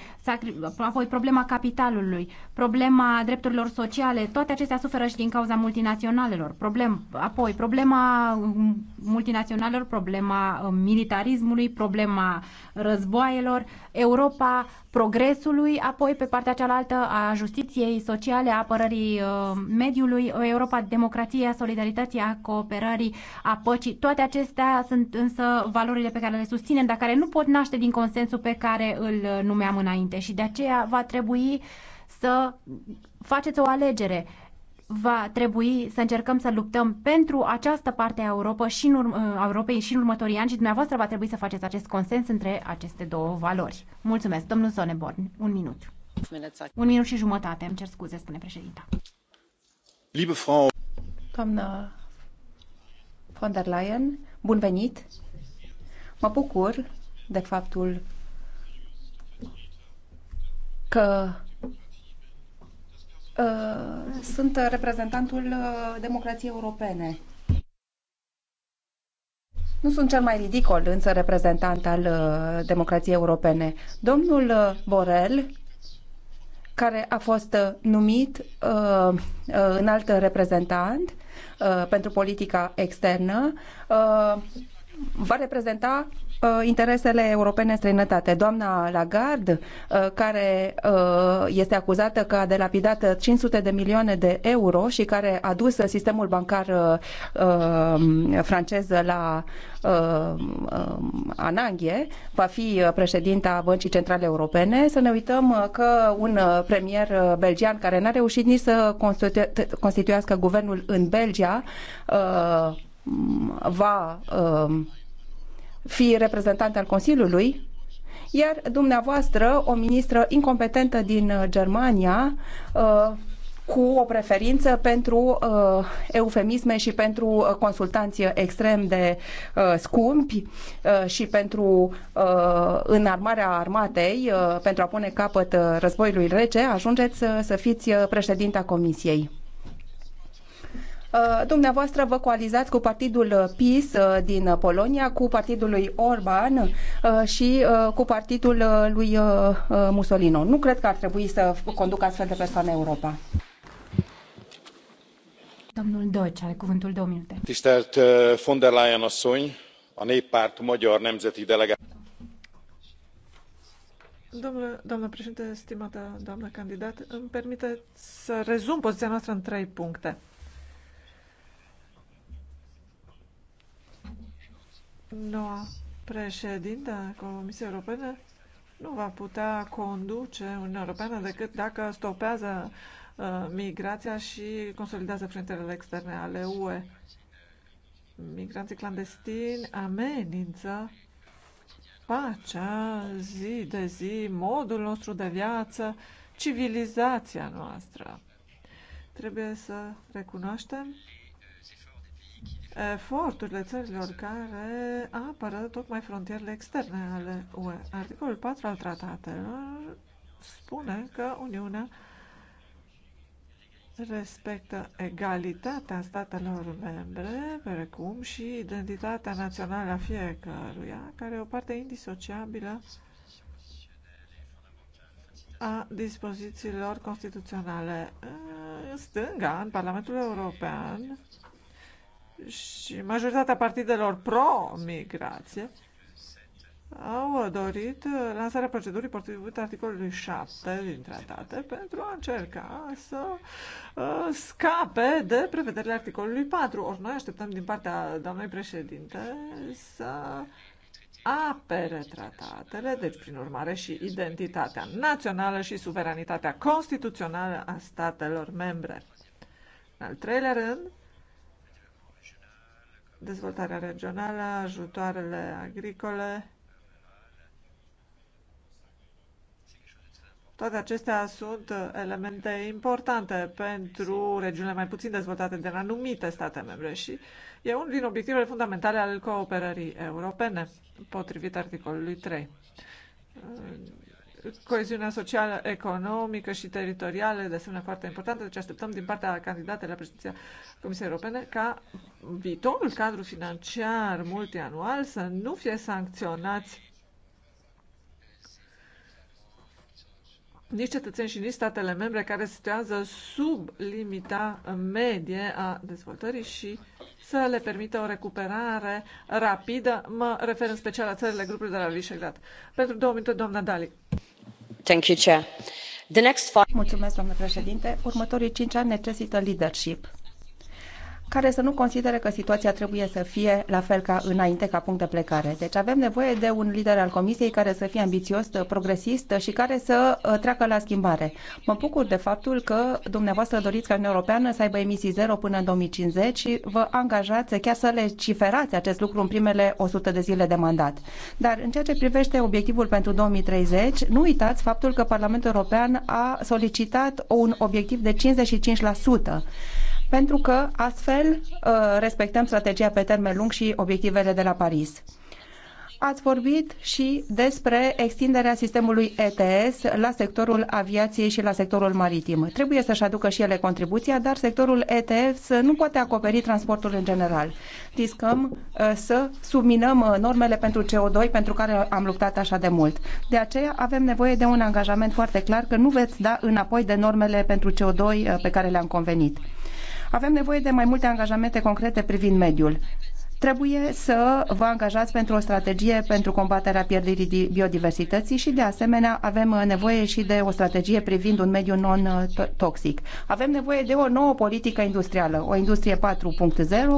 apoi problema capitalului, problema drepturilor sociale, toate acestea suferă și din cauza multinaționalelor, problem, apoi problema mm, multinaționalelor, problema mm, militarismului, problema războaielor, Europa progresului, apoi pe partea cealaltă a justiției sociale, a apărării mm, mediului, Europa democrației, a solidarității, a cooperării, a păcii. Toate acestea sunt însă valorile pe care le susținem, dar care nu pot naște din consensul pe care îl uh, numeam înainte. Și de aceea va trebui să faceți o alegere va trebui să încercăm să luptăm pentru această parte a Europa și în urmă, uh, a Europei și în următorii ani și dumneavoastră va trebui să faceți acest consens între aceste două valori. Mulțumesc, domnul Soneborn. Un minut. Un minut și jumătate, îmi cer scuze, spune președinta. Liebe Frau... Doamnă von der Leyen, bun venit! Mă bucur de faptul că uh, sunt reprezentantul uh, democrației europene. Nu sunt cel mai ridicol, însă, reprezentant al uh, democrației europene. Domnul uh, Borel, care a fost uh, numit uh, uh, înalt reprezentant uh, pentru politica externă, uh, va reprezenta uh, interesele europene în străinătate. Doamna Lagarde, uh, care uh, este acuzată că a delapidat 500 de milioane de euro și care a dus sistemul bancar uh, uh francez la uh, uh, ananghie, va fi uh, președinta Băncii Centrale Europene. Să ne uităm uh, că un premier belgian care n-a reușit nici să constituiască guvernul în Belgia uh, va um, fi reprezentant al Consiliului, iar dumneavoastră, o ministră incompetentă din uh, Germania, uh, cu o preferință pentru uh, eufemisme și pentru uh, consultanții extrem de uh, scumpi uh, și pentru uh, înarmarea armatei, uh, pentru a pune capăt uh, războiului rece, ajungeți uh, să fiți uh, președinta Comisiei. Uh, dumneavoastră vă coalizați cu partidul PIS uh, din Polonia, cu partidul lui Orban uh, și cu partidul lui Mussolino. Nu cred că ar trebui să conducă astfel de persoane Europa. Domnul Deutsch, are cuvântul două minute. Tisztelt von der Leyen asszony, a néppárt magyar nemzeti Domnule, doamnă președinte, stimată doamnă candidat, îmi permite să rezum poziția noastră în trei puncte. Noua președintă a Comisiei Europene nu va putea conduce Uniunea Europeană decât dacă stopează uh, migrația și consolidează frontierele externe ale UE. Migranții clandestini amenință pacea zi de zi, modul nostru de viață, civilizația noastră. Trebuie să recunoaștem eforturile țărilor care apără tocmai frontierele externe ale UE. Articolul 4 al tratatelor spune că Uniunea respectă egalitatea statelor membre, precum și identitatea națională a fiecăruia, care e o parte indisociabilă a dispozițiilor constituționale. Stânga, în Parlamentul European, și majoritatea partidelor pro-migrație au dorit lansarea procedurii potrivit articolului 7 din tratate pentru a încerca să uh, scape de prevederile articolului 4. Ori noi așteptăm din partea doamnei președinte să apere tratatele, deci prin urmare și identitatea națională și suveranitatea constituțională a statelor membre. În al treilea rând, dezvoltarea regională, ajutoarele agricole. Toate acestea sunt elemente importante pentru regiunile mai puțin dezvoltate din anumite state membre și e unul din obiectivele fundamentale ale cooperării europene, potrivit articolului 3 coeziunea socială, economică și teritorială, de asemenea foarte importantă, deci așteptăm din partea candidatelor la președinția Comisiei Europene ca viitorul cadru financiar multianual să nu fie sancționați nici cetățeni și nici statele membre care se situează sub limita medie a dezvoltării și să le permită o recuperare rapidă. Mă refer în special la țările grupului de la Visegrad. Pentru două minute, doamna Dali doamnă președintă următorii cinci ani necesită leadership care să nu considere că situația trebuie să fie la fel ca înainte, ca punct de plecare. Deci avem nevoie de un lider al Comisiei care să fie ambițios, progresist și care să uh, treacă la schimbare. Mă bucur de faptul că dumneavoastră doriți ca Uniunea Europeană să aibă emisii zero până în 2050 și vă angajați chiar să le ciferați acest lucru în primele 100 de zile de mandat. Dar în ceea ce privește obiectivul pentru 2030, nu uitați faptul că Parlamentul European a solicitat un obiectiv de 55% pentru că astfel uh, respectăm strategia pe termen lung și obiectivele de la Paris. Ați vorbit și despre extinderea sistemului ETS la sectorul aviației și la sectorul maritim. Trebuie să-și aducă și ele contribuția, dar sectorul ETS nu poate acoperi transportul în general. Discăm uh, să subminăm uh, normele pentru CO2 pentru care am luptat așa de mult. De aceea avem nevoie de un angajament foarte clar că nu veți da înapoi de normele pentru CO2 pe care le-am convenit. Avem nevoie de mai multe angajamente concrete privind mediul. Trebuie să vă angajați pentru o strategie pentru combaterea pierderii biodiversității și, de asemenea, avem nevoie și de o strategie privind un mediu non-toxic. Uh, avem nevoie de o nouă politică industrială, o industrie 4.0,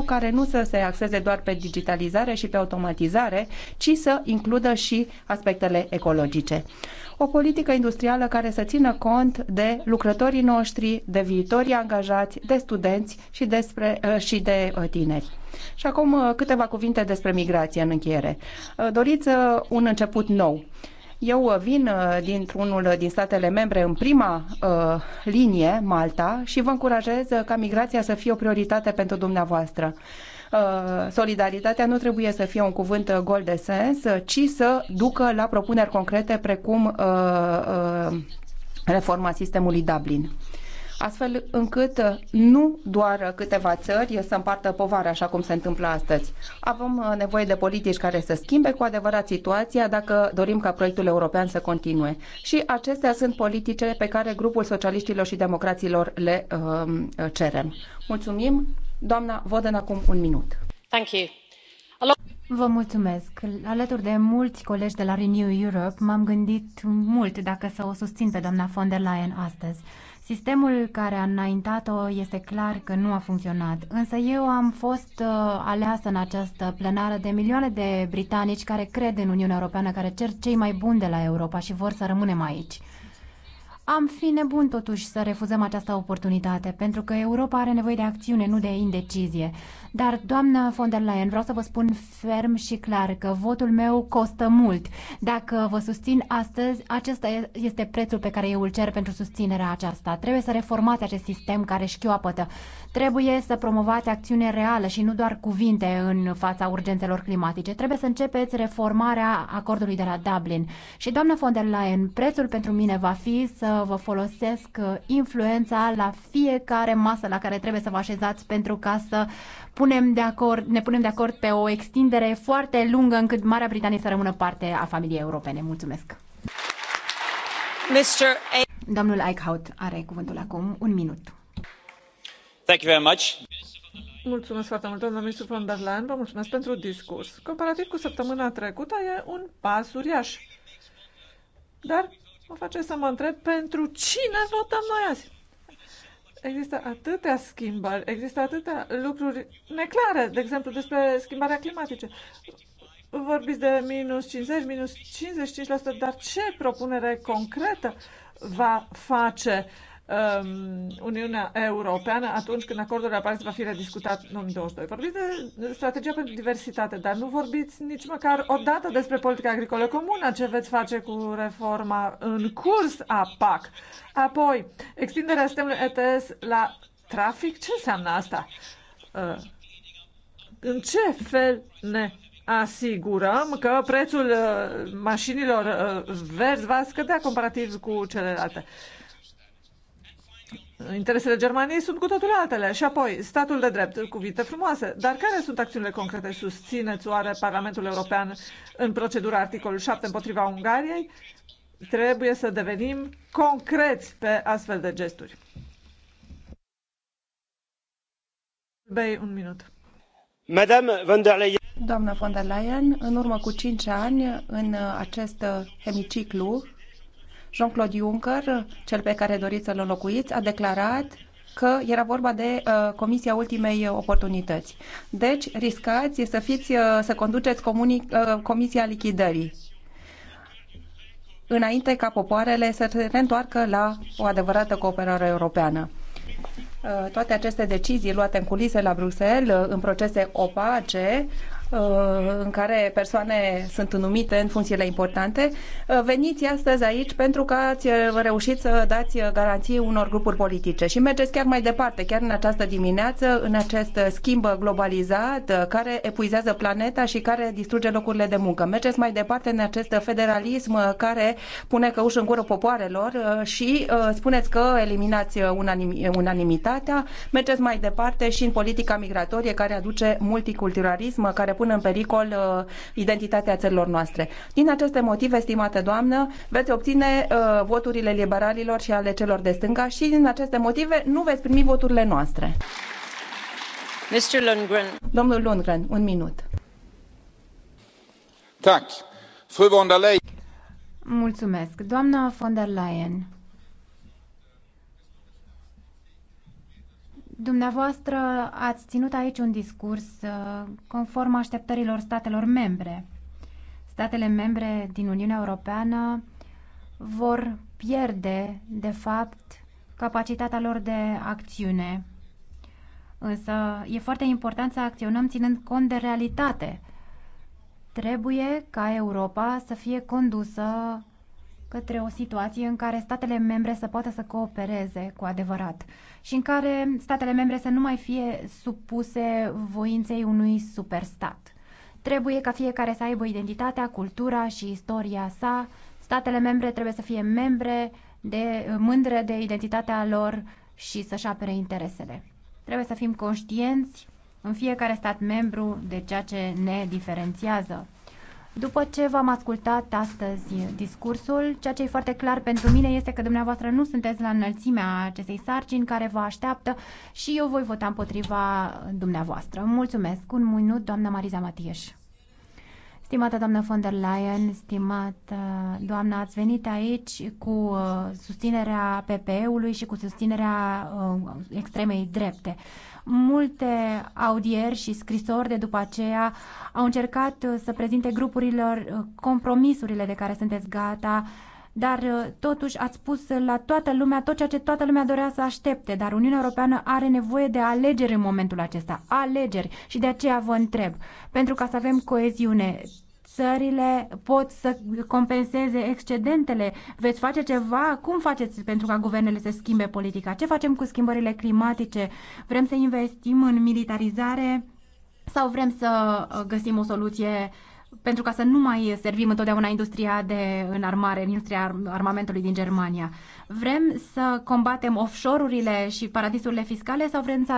care nu să se axeze doar pe digitalizare și pe automatizare, ci să includă și aspectele ecologice o politică industrială care să țină cont de lucrătorii noștri, de viitorii angajați, de studenți și, despre, uh, și de uh, tineri. Și acum uh, câteva cuvinte despre migrație în încheiere. Uh, doriți uh, un început nou. Eu vin dintr-unul din statele membre în prima uh, linie, Malta, și vă încurajez ca migrația să fie o prioritate pentru dumneavoastră. Uh, solidaritatea nu trebuie să fie un cuvânt gol de sens, ci să ducă la propuneri concrete precum uh, uh, reforma sistemului Dublin astfel încât uh, nu doar câteva țări să împartă povara așa cum se întâmplă astăzi. Avem uh, nevoie de politici care să schimbe cu adevărat situația dacă dorim ca proiectul european să continue. Și acestea sunt politice pe care grupul socialiștilor și democraților le uh, cerem. Mulțumim. Doamna Voden, acum un minut. Thank you. Vă mulțumesc. Alături de mulți colegi de la Renew Europe, m-am gândit mult dacă să o susțin pe doamna von der Leyen astăzi. Sistemul care a înaintat-o este clar că nu a funcționat, însă eu am fost uh, aleasă în această plenară de milioane de britanici care cred în Uniunea Europeană, care cer cei mai buni de la Europa și vor să rămânem aici. Am fi nebun totuși să refuzăm această oportunitate, pentru că Europa are nevoie de acțiune, nu de indecizie. Dar, doamnă von der Leyen, vreau să vă spun ferm și clar că votul meu costă mult. Dacă vă susțin astăzi, acesta este prețul pe care eu îl cer pentru susținerea aceasta. Trebuie să reformați acest sistem care șchioapătă. Trebuie să promovați acțiune reală și nu doar cuvinte în fața urgențelor climatice. Trebuie să începeți reformarea acordului de la Dublin. Și, doamnă von der Leyen, prețul pentru mine va fi să vă folosesc uh, influența la fiecare masă la care trebuie să vă așezați pentru ca să punem de acord, ne punem de acord pe o extindere foarte lungă încât Marea Britanie să rămână parte a familiei europene. Mulțumesc! Mr. A- Domnul Eichhout are cuvântul acum. Un minut. Thank you very much. Mulțumesc foarte mult, domnul ministru von der Leyen. Vă mulțumesc pentru discurs. Comparativ cu săptămâna trecută, e un pas uriaș. Dar mă face să mă întreb pentru cine votăm noi azi există atâtea schimbări, există atâtea lucruri neclare, de exemplu despre schimbarea climatice. Vorbiți de minus 50, minus 55%, dar ce propunere concretă va face uh, Um, Uniunea Europeană atunci când acordul de la Paris va fi rediscutat în 2022. Vorbiți de strategia pentru diversitate, dar nu vorbiți nici măcar o dată despre politica agricolă comună, ce veți face cu reforma în curs a PAC. Apoi, extinderea sistemului ETS la trafic, ce înseamnă asta? Uh, în ce fel ne asigurăm că prețul uh, mașinilor uh, verzi va scădea comparativ cu celelalte? Interesele Germaniei sunt cu totul altele. Și apoi, statul de drept, cuvinte frumoase. Dar care sunt acțiunile concrete? Susțineți oare Parlamentul European în procedura articolul 7 împotriva Ungariei? Trebuie să devenim concreți pe astfel de gesturi. Bei, un minut. Madame von der Leyen. Doamna von der Leyen, în urmă cu 5 ani, în acest hemiciclu, Jean-Claude Juncker, cel pe care doriți să-l înlocuiți, a declarat că era vorba de uh, comisia ultimei oportunități. Deci, riscați să, fiți, uh, să conduceți uh, comisia lichidării înainte ca popoarele să se reîntoarcă la o adevărată cooperare europeană. Uh, toate aceste decizii luate în culise la Bruxelles, în procese opace, Uh, în care persoane sunt numite în funcțiile importante. Uh, veniți astăzi aici pentru că ați uh, reușit să dați garanții unor grupuri politice și mergeți chiar mai departe, chiar în această dimineață, în acest schimb globalizat care epuizează planeta și care distruge locurile de muncă. Mergeți mai departe în acest federalism care pune căuși în gură popoarelor și spuneți că eliminați unanim, unanimitatea. Mergeți mai departe și în politica migratorie care aduce multiculturalism, care pune pun în pericol uh, identitatea țărilor noastre. Din aceste motive, estimată doamnă, veți obține uh, voturile liberalilor și ale celor de stânga și din aceste motive nu veți primi voturile noastre. Mr. Lundgren. Domnul Lundgren, un minut. Mulțumesc. Doamna von der Leyen, Dumneavoastră ați ținut aici un discurs uh, conform așteptărilor statelor membre. Statele membre din Uniunea Europeană vor pierde, de fapt, capacitatea lor de acțiune. Însă e foarte important să acționăm ținând cont de realitate. Trebuie ca Europa să fie condusă către o situație în care statele membre să poată să coopereze cu adevărat și în care statele membre să nu mai fie supuse voinței unui superstat. Trebuie ca fiecare să aibă identitatea, cultura și istoria sa. Statele membre trebuie să fie membre de, mândre de identitatea lor și să-și apere interesele. Trebuie să fim conștienți în fiecare stat membru de ceea ce ne diferențiază. După ce v-am ascultat astăzi discursul, ceea ce e foarte clar pentru mine este că dumneavoastră nu sunteți la înălțimea acestei sarcini care vă așteaptă și eu voi vota împotriva dumneavoastră. Mulțumesc. Un minut, doamna Mariza Matieș. Stimată doamnă von der Leyen, stimată doamnă, ați venit aici cu uh, susținerea PPE-ului și cu susținerea uh, extremei drepte. Multe audieri și scrisori de după aceea au încercat uh, să prezinte grupurilor compromisurile de care sunteți gata dar uh, totuși ați spus uh, la toată lumea tot ceea ce toată lumea dorea să aștepte, dar Uniunea Europeană are nevoie de alegeri în momentul acesta, alegeri și de aceea vă întreb, pentru ca să avem coeziune, țările pot să compenseze excedentele? Veți face ceva? Cum faceți pentru ca guvernele să schimbe politica? Ce facem cu schimbările climatice? Vrem să investim în militarizare sau vrem să uh, găsim o soluție pentru ca să nu mai servim întotdeauna industria de înarmare, industria armamentului din Germania. Vrem să combatem offshore-urile și paradisurile fiscale sau vrem să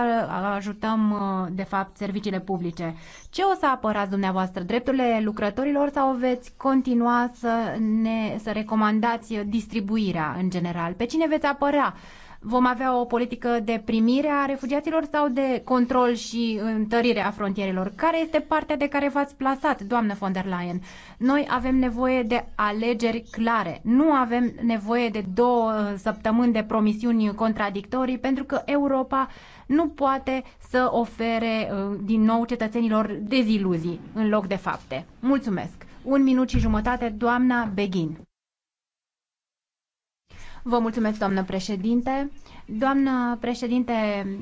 ajutăm, uh, de fapt, serviciile publice? Ce o să apărați dumneavoastră? Drepturile lucrătorilor sau veți continua să, ne, să recomandați distribuirea în general? Pe cine veți apăra? Vom avea o politică de primire a refugiaților sau de control și întărire a frontierelor? Care este partea de care v-ați plasat, doamnă von der Leyen? Noi avem nevoie de alegeri clare. Nu avem nevoie de două săptămâni de promisiuni contradictorii, pentru că Europa nu poate să ofere uh, din nou cetățenilor deziluzii în loc de fapte. Mulțumesc! Un minut și jumătate, doamna Begin. Vă mulțumesc, doamnă președinte. Doamnă președinte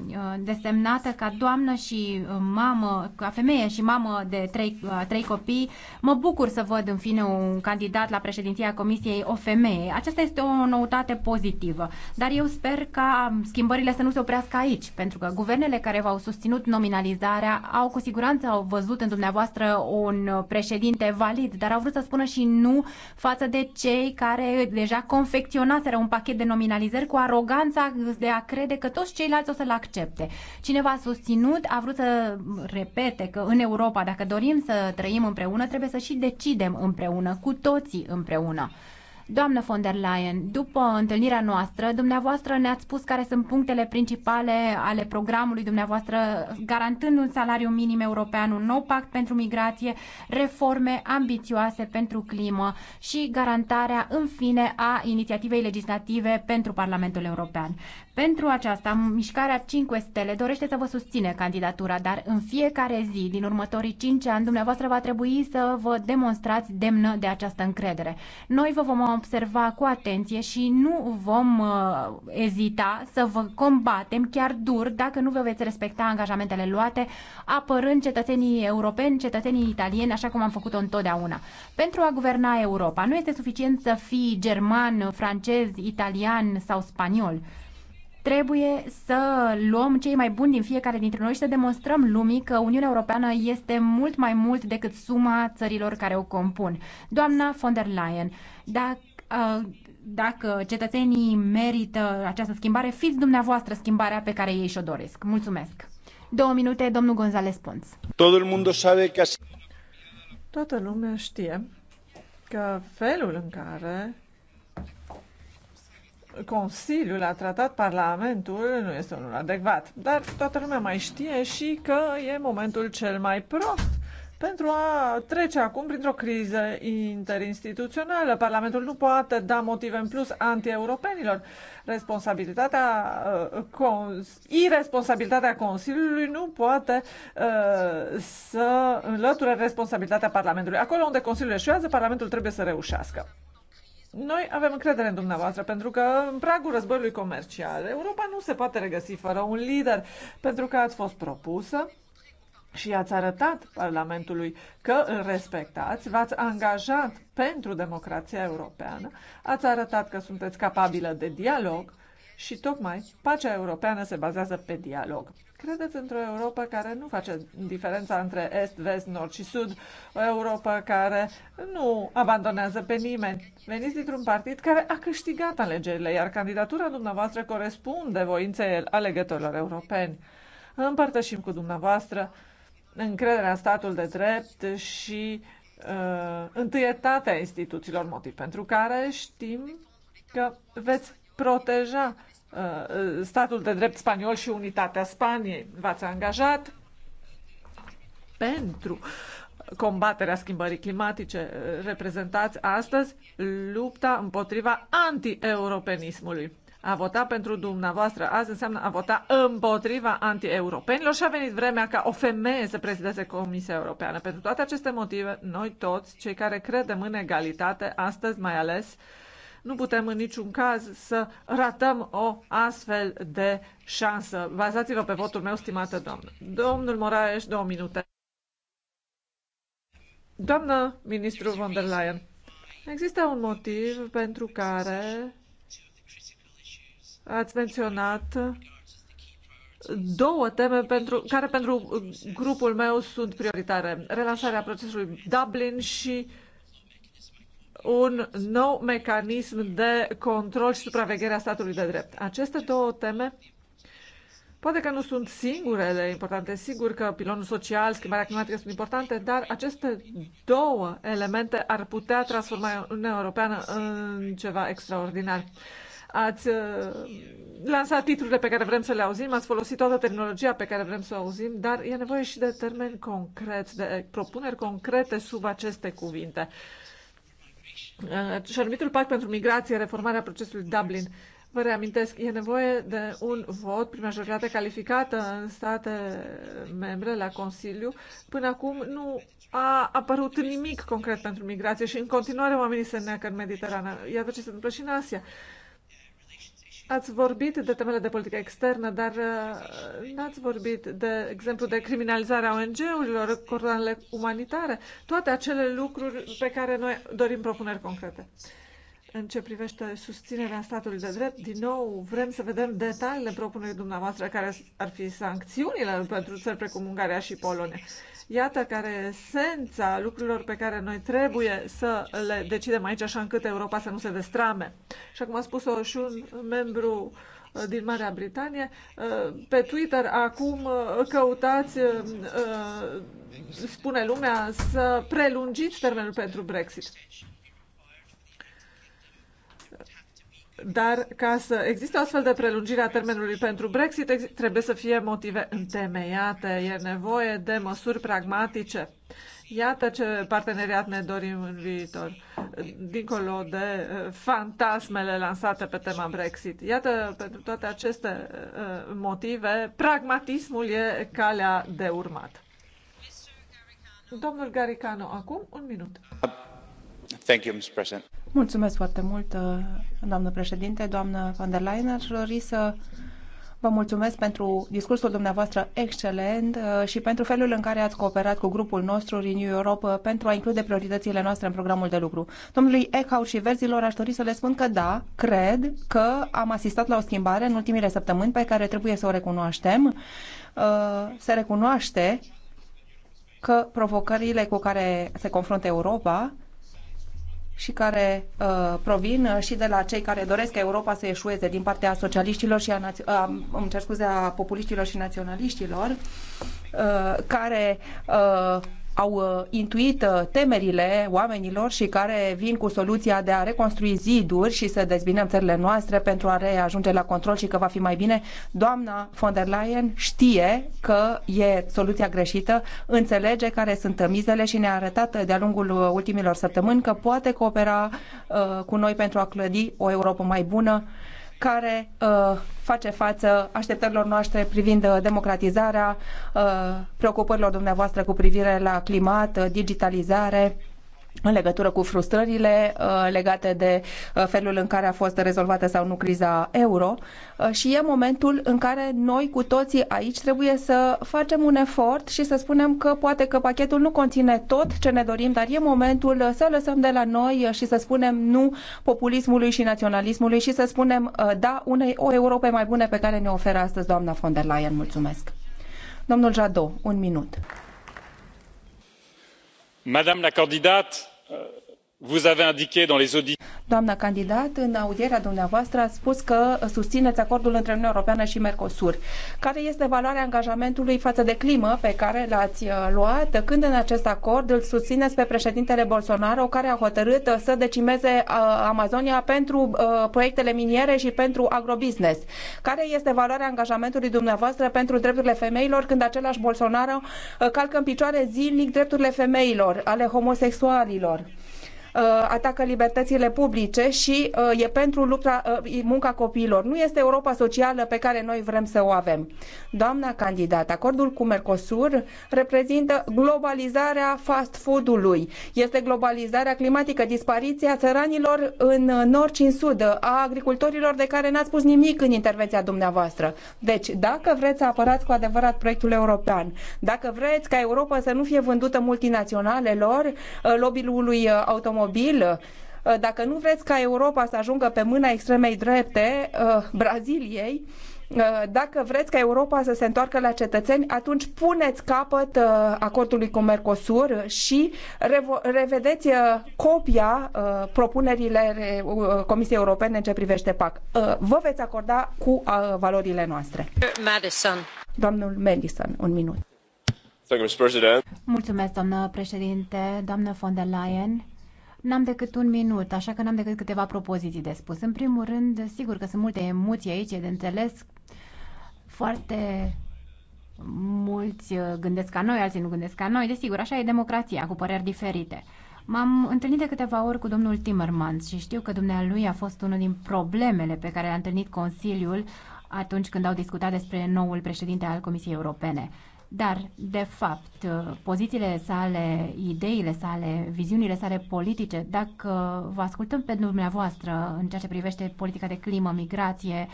uh, desemnată ca doamnă și uh, mamă, ca femeie și mamă de trei, uh, trei copii, mă bucur să văd în fine un candidat la președinția Comisiei o femeie. Aceasta este o noutate pozitivă, dar eu sper ca schimbările să nu se oprească aici, pentru că guvernele care v-au susținut nominalizarea au cu siguranță au văzut în dumneavoastră un președinte valid, dar au vrut să spună și nu față de cei care deja confecționaseră un pachet de nominalizări cu aroganța de a crede că toți ceilalți o să-l accepte. Cineva a susținut, a vrut să repete că în Europa, dacă dorim să trăim împreună, trebuie să și decidem împreună, cu toții împreună. Doamnă von der Leyen, după întâlnirea noastră, dumneavoastră ne-ați spus care sunt punctele principale ale programului dumneavoastră, garantând un salariu minim european, un nou pact pentru migrație, reforme ambițioase pentru climă și garantarea, în fine, a inițiativei legislative pentru Parlamentul European. Pentru aceasta, mișcarea 5 stele dorește să vă susține candidatura, dar în fiecare zi din următorii 5 ani, dumneavoastră va trebui să vă demonstrați demnă de această încredere. Noi vă vom observa cu atenție și nu vom uh, ezita să vă combatem chiar dur dacă nu vă veți respecta angajamentele luate, apărând cetățenii europeni, cetățenii italieni, așa cum am făcut-o întotdeauna. Pentru a guverna Europa nu este suficient să fii german, francez, italian sau spaniol. Trebuie să luăm cei mai buni din fiecare dintre noi și să demonstrăm lumii că Uniunea Europeană este mult mai mult decât suma țărilor care o compun. Doamna von der Leyen, dacă uh, dacă cetățenii merită această schimbare, fiți dumneavoastră schimbarea pe care ei și-o doresc. Mulțumesc. Două minute, domnul González Pons. mundo sabe Toată lumea știe că felul în care Consiliul a tratat Parlamentul nu este unul adecvat, dar toată lumea mai știe și că e momentul cel mai prost pentru a trece acum printr-o criză interinstituțională. Parlamentul nu poate da motive în plus anti-europenilor. Responsabilitatea, uh, irresponsabilitatea Consiliului nu poate uh, să înlăture responsabilitatea Parlamentului. Acolo unde Consiliul eșuează, Parlamentul trebuie să reușească. Noi avem încredere în dumneavoastră, pentru că în pragul războiului comercial, Europa nu se poate regăsi fără un lider, pentru că ați fost propusă și ați arătat Parlamentului că îl respectați, v-ați angajat pentru democrația europeană, ați arătat că sunteți capabilă de dialog și tocmai pacea europeană se bazează pe dialog. Credeți într-o Europa care nu face diferența între est, vest, nord și sud, o Europa care nu abandonează pe nimeni. Veniți dintr-un partid care a câștigat alegerile, iar candidatura dumneavoastră corespunde voinței alegătorilor europeni. Împărtășim cu dumneavoastră încrederea în statul de drept și uh, întâietatea instituțiilor, motiv pentru care știm că veți proteja Uh, statul de drept spaniol și unitatea Spaniei. V-ați angajat pentru combaterea schimbării climatice. Reprezentați astăzi lupta împotriva anti-europenismului. A vota pentru dumneavoastră azi înseamnă a vota împotriva anti-europenilor și a venit vremea ca o femeie să prezideze Comisia Europeană. Pentru toate aceste motive, noi toți, cei care credem în egalitate, astăzi mai ales, uh, nu putem în niciun caz să ratăm o astfel de șansă. Bazați-vă pe votul meu, stimată doamnă. Domnul Moraes, două minute. Doamnă ministru von der Leyen, există un motiv pentru care ați menționat două teme pentru, care pentru grupul meu sunt prioritare. Relansarea procesului Dublin și uh, un nou mecanism de control și supraveghere a statului de drept. Aceste două teme poate că nu sunt singurele importante, sigur că pilonul social, schimbarea climatică sunt importante, dar aceste două elemente ar putea transforma Uniunea Europeană în ceva extraordinar ați uh, lansat titlurile pe care vrem să le auzim, ați folosit toată terminologia pe care vrem să o auzim, dar e nevoie și de termeni concreți, de propuneri concrete sub aceste cuvinte. Uh, și anumitul pact pentru migrație, reformarea procesului Dublin. Vă reamintesc, e nevoie de un vot prin majoritate calificată în state membre la Consiliu. Până acum nu a apărut nimic concret pentru migrație și în continuare oamenii se neacă în Mediterană. Iată ce se întâmplă și în Asia. Ați vorbit de temele de politică externă, dar uh, n-ați vorbit, de exemplu, de criminalizarea ONG-urilor, coordonale umanitare, toate acele lucruri pe care noi dorim propuneri concrete. În ce privește susținerea statului de drept, din nou vrem să vedem detaliile propunerii dumneavoastră care ar fi sancțiunile pentru țări precum Ungaria și Polonia. Iată care e esența lucrurilor pe care noi trebuie să le decidem aici, așa încât Europa să nu se destrame. Și acum a spus-o și un membru uh, din Marea Britanie. Uh, pe Twitter acum uh, căutați, spune lumea, să prelungiți termenul pentru Brexit. Dar ca să existe o astfel de prelungire a termenului pentru Brexit, trebuie să fie motive întemeiate, e nevoie de măsuri pragmatice. Iată ce parteneriat ne dorim în viitor, dincolo de uh, fantasmele lansate pe tema Brexit. Iată, pentru toate aceste uh, motive, pragmatismul e calea de urmat. Domnul Garicano, acum un minut. Uh, Mulțumesc foarte mult, uh, doamnă președinte, doamnă von der Leyen. Aș dori să vă mulțumesc pentru discursul dumneavoastră excelent uh, și pentru felul în care ați cooperat cu grupul nostru Renew Europe uh, pentru a include prioritățile noastre în programul de lucru. Domnului Eckhout și Verzilor aș dori să le spun că da, cred că am asistat la o schimbare în ultimile săptămâni pe care trebuie să o recunoaștem. Se recunoaște că provocările cu care se confruntă Europa și care uh, provin uh, și de la cei care doresc ca Europa să eșueze din partea socialiștilor și a, uh, îmi cer scuze, a populiștilor și naționaliștilor, uh, care uh, au uh, intuit uh, temerile oamenilor și care vin cu soluția de a reconstrui ziduri și să dezbinăm țările noastre pentru a reajunge la control și că va fi mai bine. Doamna von der Leyen știe că e soluția greșită, înțelege care sunt mizele și ne-a arătat de-a lungul uh, ultimilor săptămâni că poate coopera cu noi pentru a clădi o Europa mai bună care uh, face față așteptărilor noastre privind uh, democratizarea, uh, preocupărilor dumneavoastră cu privire la climat, uh, digitalizare în legătură cu frustrările uh, legate de uh, felul în care a fost rezolvată sau nu criza euro uh, și e momentul în care noi cu toții aici trebuie să facem un efort și să spunem că poate că pachetul nu conține tot ce ne dorim, dar e momentul să lăsăm de la noi și să spunem nu populismului și naționalismului și să spunem da unei o Europe mai bune pe care ne oferă astăzi doamna von der Leyen. Mulțumesc! Domnul Jadot un minut madame la candidate Vous avez indiqué dans les audits Doamna candidat, în audierea dumneavoastră ați spus că susțineți acordul între Uniunea Europeană și Mercosur. Care este valoarea angajamentului față de climă pe care l-ați uh, luat când în acest acord îl susțineți pe președintele Bolsonaro care a hotărât uh, să decimeze uh, Amazonia pentru proiectele miniere și pentru agrobusiness? Care este valoarea angajamentului dumneavoastră pentru drepturile femeilor când același Bolsonaro calcă în picioare zilnic drepturile femeilor, ale homosexualilor? Uh, atacă libertățile publice și uh, e pentru lupta, uh, munca copiilor. Nu este Europa socială pe care noi vrem să o avem. Doamna candidat, acordul cu Mercosur reprezintă globalizarea fast food-ului. Este globalizarea climatică, dispariția țăranilor în nord și în sud, a agricultorilor de care n-ați spus nimic în intervenția dumneavoastră. Deci, dacă vreți să apărați cu adevărat proiectul european, dacă vreți ca Europa să nu fie vândută multinaționalelor, lobby-ului automobil mobil. Uh, dacă nu vreți ca Europa să ajungă pe mâna extremei drepte, uh, Braziliei, uh, dacă vreți ca Europa să se întoarcă la cetățeni, atunci puneți capăt acordului cu Mercosur și revedeți copia propunerile Comisiei Europene în ce privește PAC. Vă veți acorda cu valorile noastre. Madison. Domnul Madison, un minut. Mulțumesc, doamnă președinte, doamnă von der Leyen. N-am decât un minut, așa că n-am decât câteva propoziții de spus. În primul rând, sigur că sunt multe emoții aici, e de înțeles. Foarte mulți uh, gândesc ca noi, alții nu gândesc ca noi. Desigur, așa e democrația, cu păreri diferite. M-am întâlnit de câteva ori cu domnul Timmermans și știu că dumnealui a fost unul din problemele pe care le-a întâlnit Consiliul atunci când au discutat despre noul președinte al Comisiei Europene. Dar, de fapt, pozițiile sale, ideile sale, viziunile sale politice, dacă vă ascultăm pe dumneavoastră în ceea ce privește politica de climă, migrație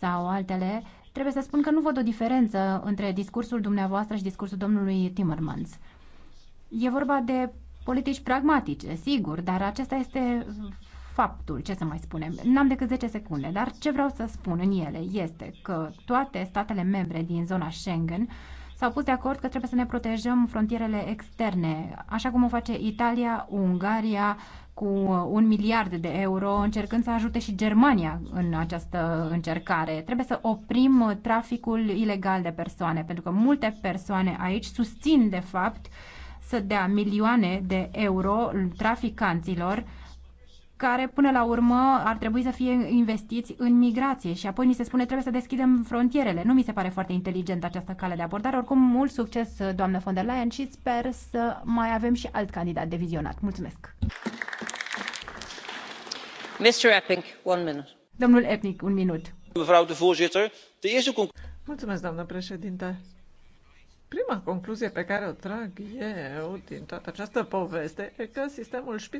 sau altele, trebuie să spun că nu văd o diferență între discursul dumneavoastră și discursul domnului Timmermans. E vorba de politici pragmatice, sigur, dar acesta este faptul, ce să mai spunem. N-am decât 10 secunde, dar ce vreau să spun în ele este că toate statele membre din zona Schengen uh, s-au pus de acord că trebuie să ne protejăm frontierele externe, așa cum o face Italia, Ungaria, cu un miliard de euro, încercând să ajute și Germania în această încercare. Trebuie să oprim traficul ilegal de persoane, pentru că multe persoane aici susțin, de fapt, să dea milioane de euro traficanților care până la urmă ar trebui să fie investiți în migrație și apoi ni se spune trebuie să deschidem frontierele. Nu mi se pare foarte inteligent această cale de abordare. Oricum, mult succes, doamnă von der Leyen, și sper să mai avem și alt candidat de vizionat. Mulțumesc! Mr. Epping, one minute. Domnul Epnic, un minut. Mulțumesc, doamnă președinte. Prima concluzie pe care o trag eu din toată această poveste e că sistemul șpiț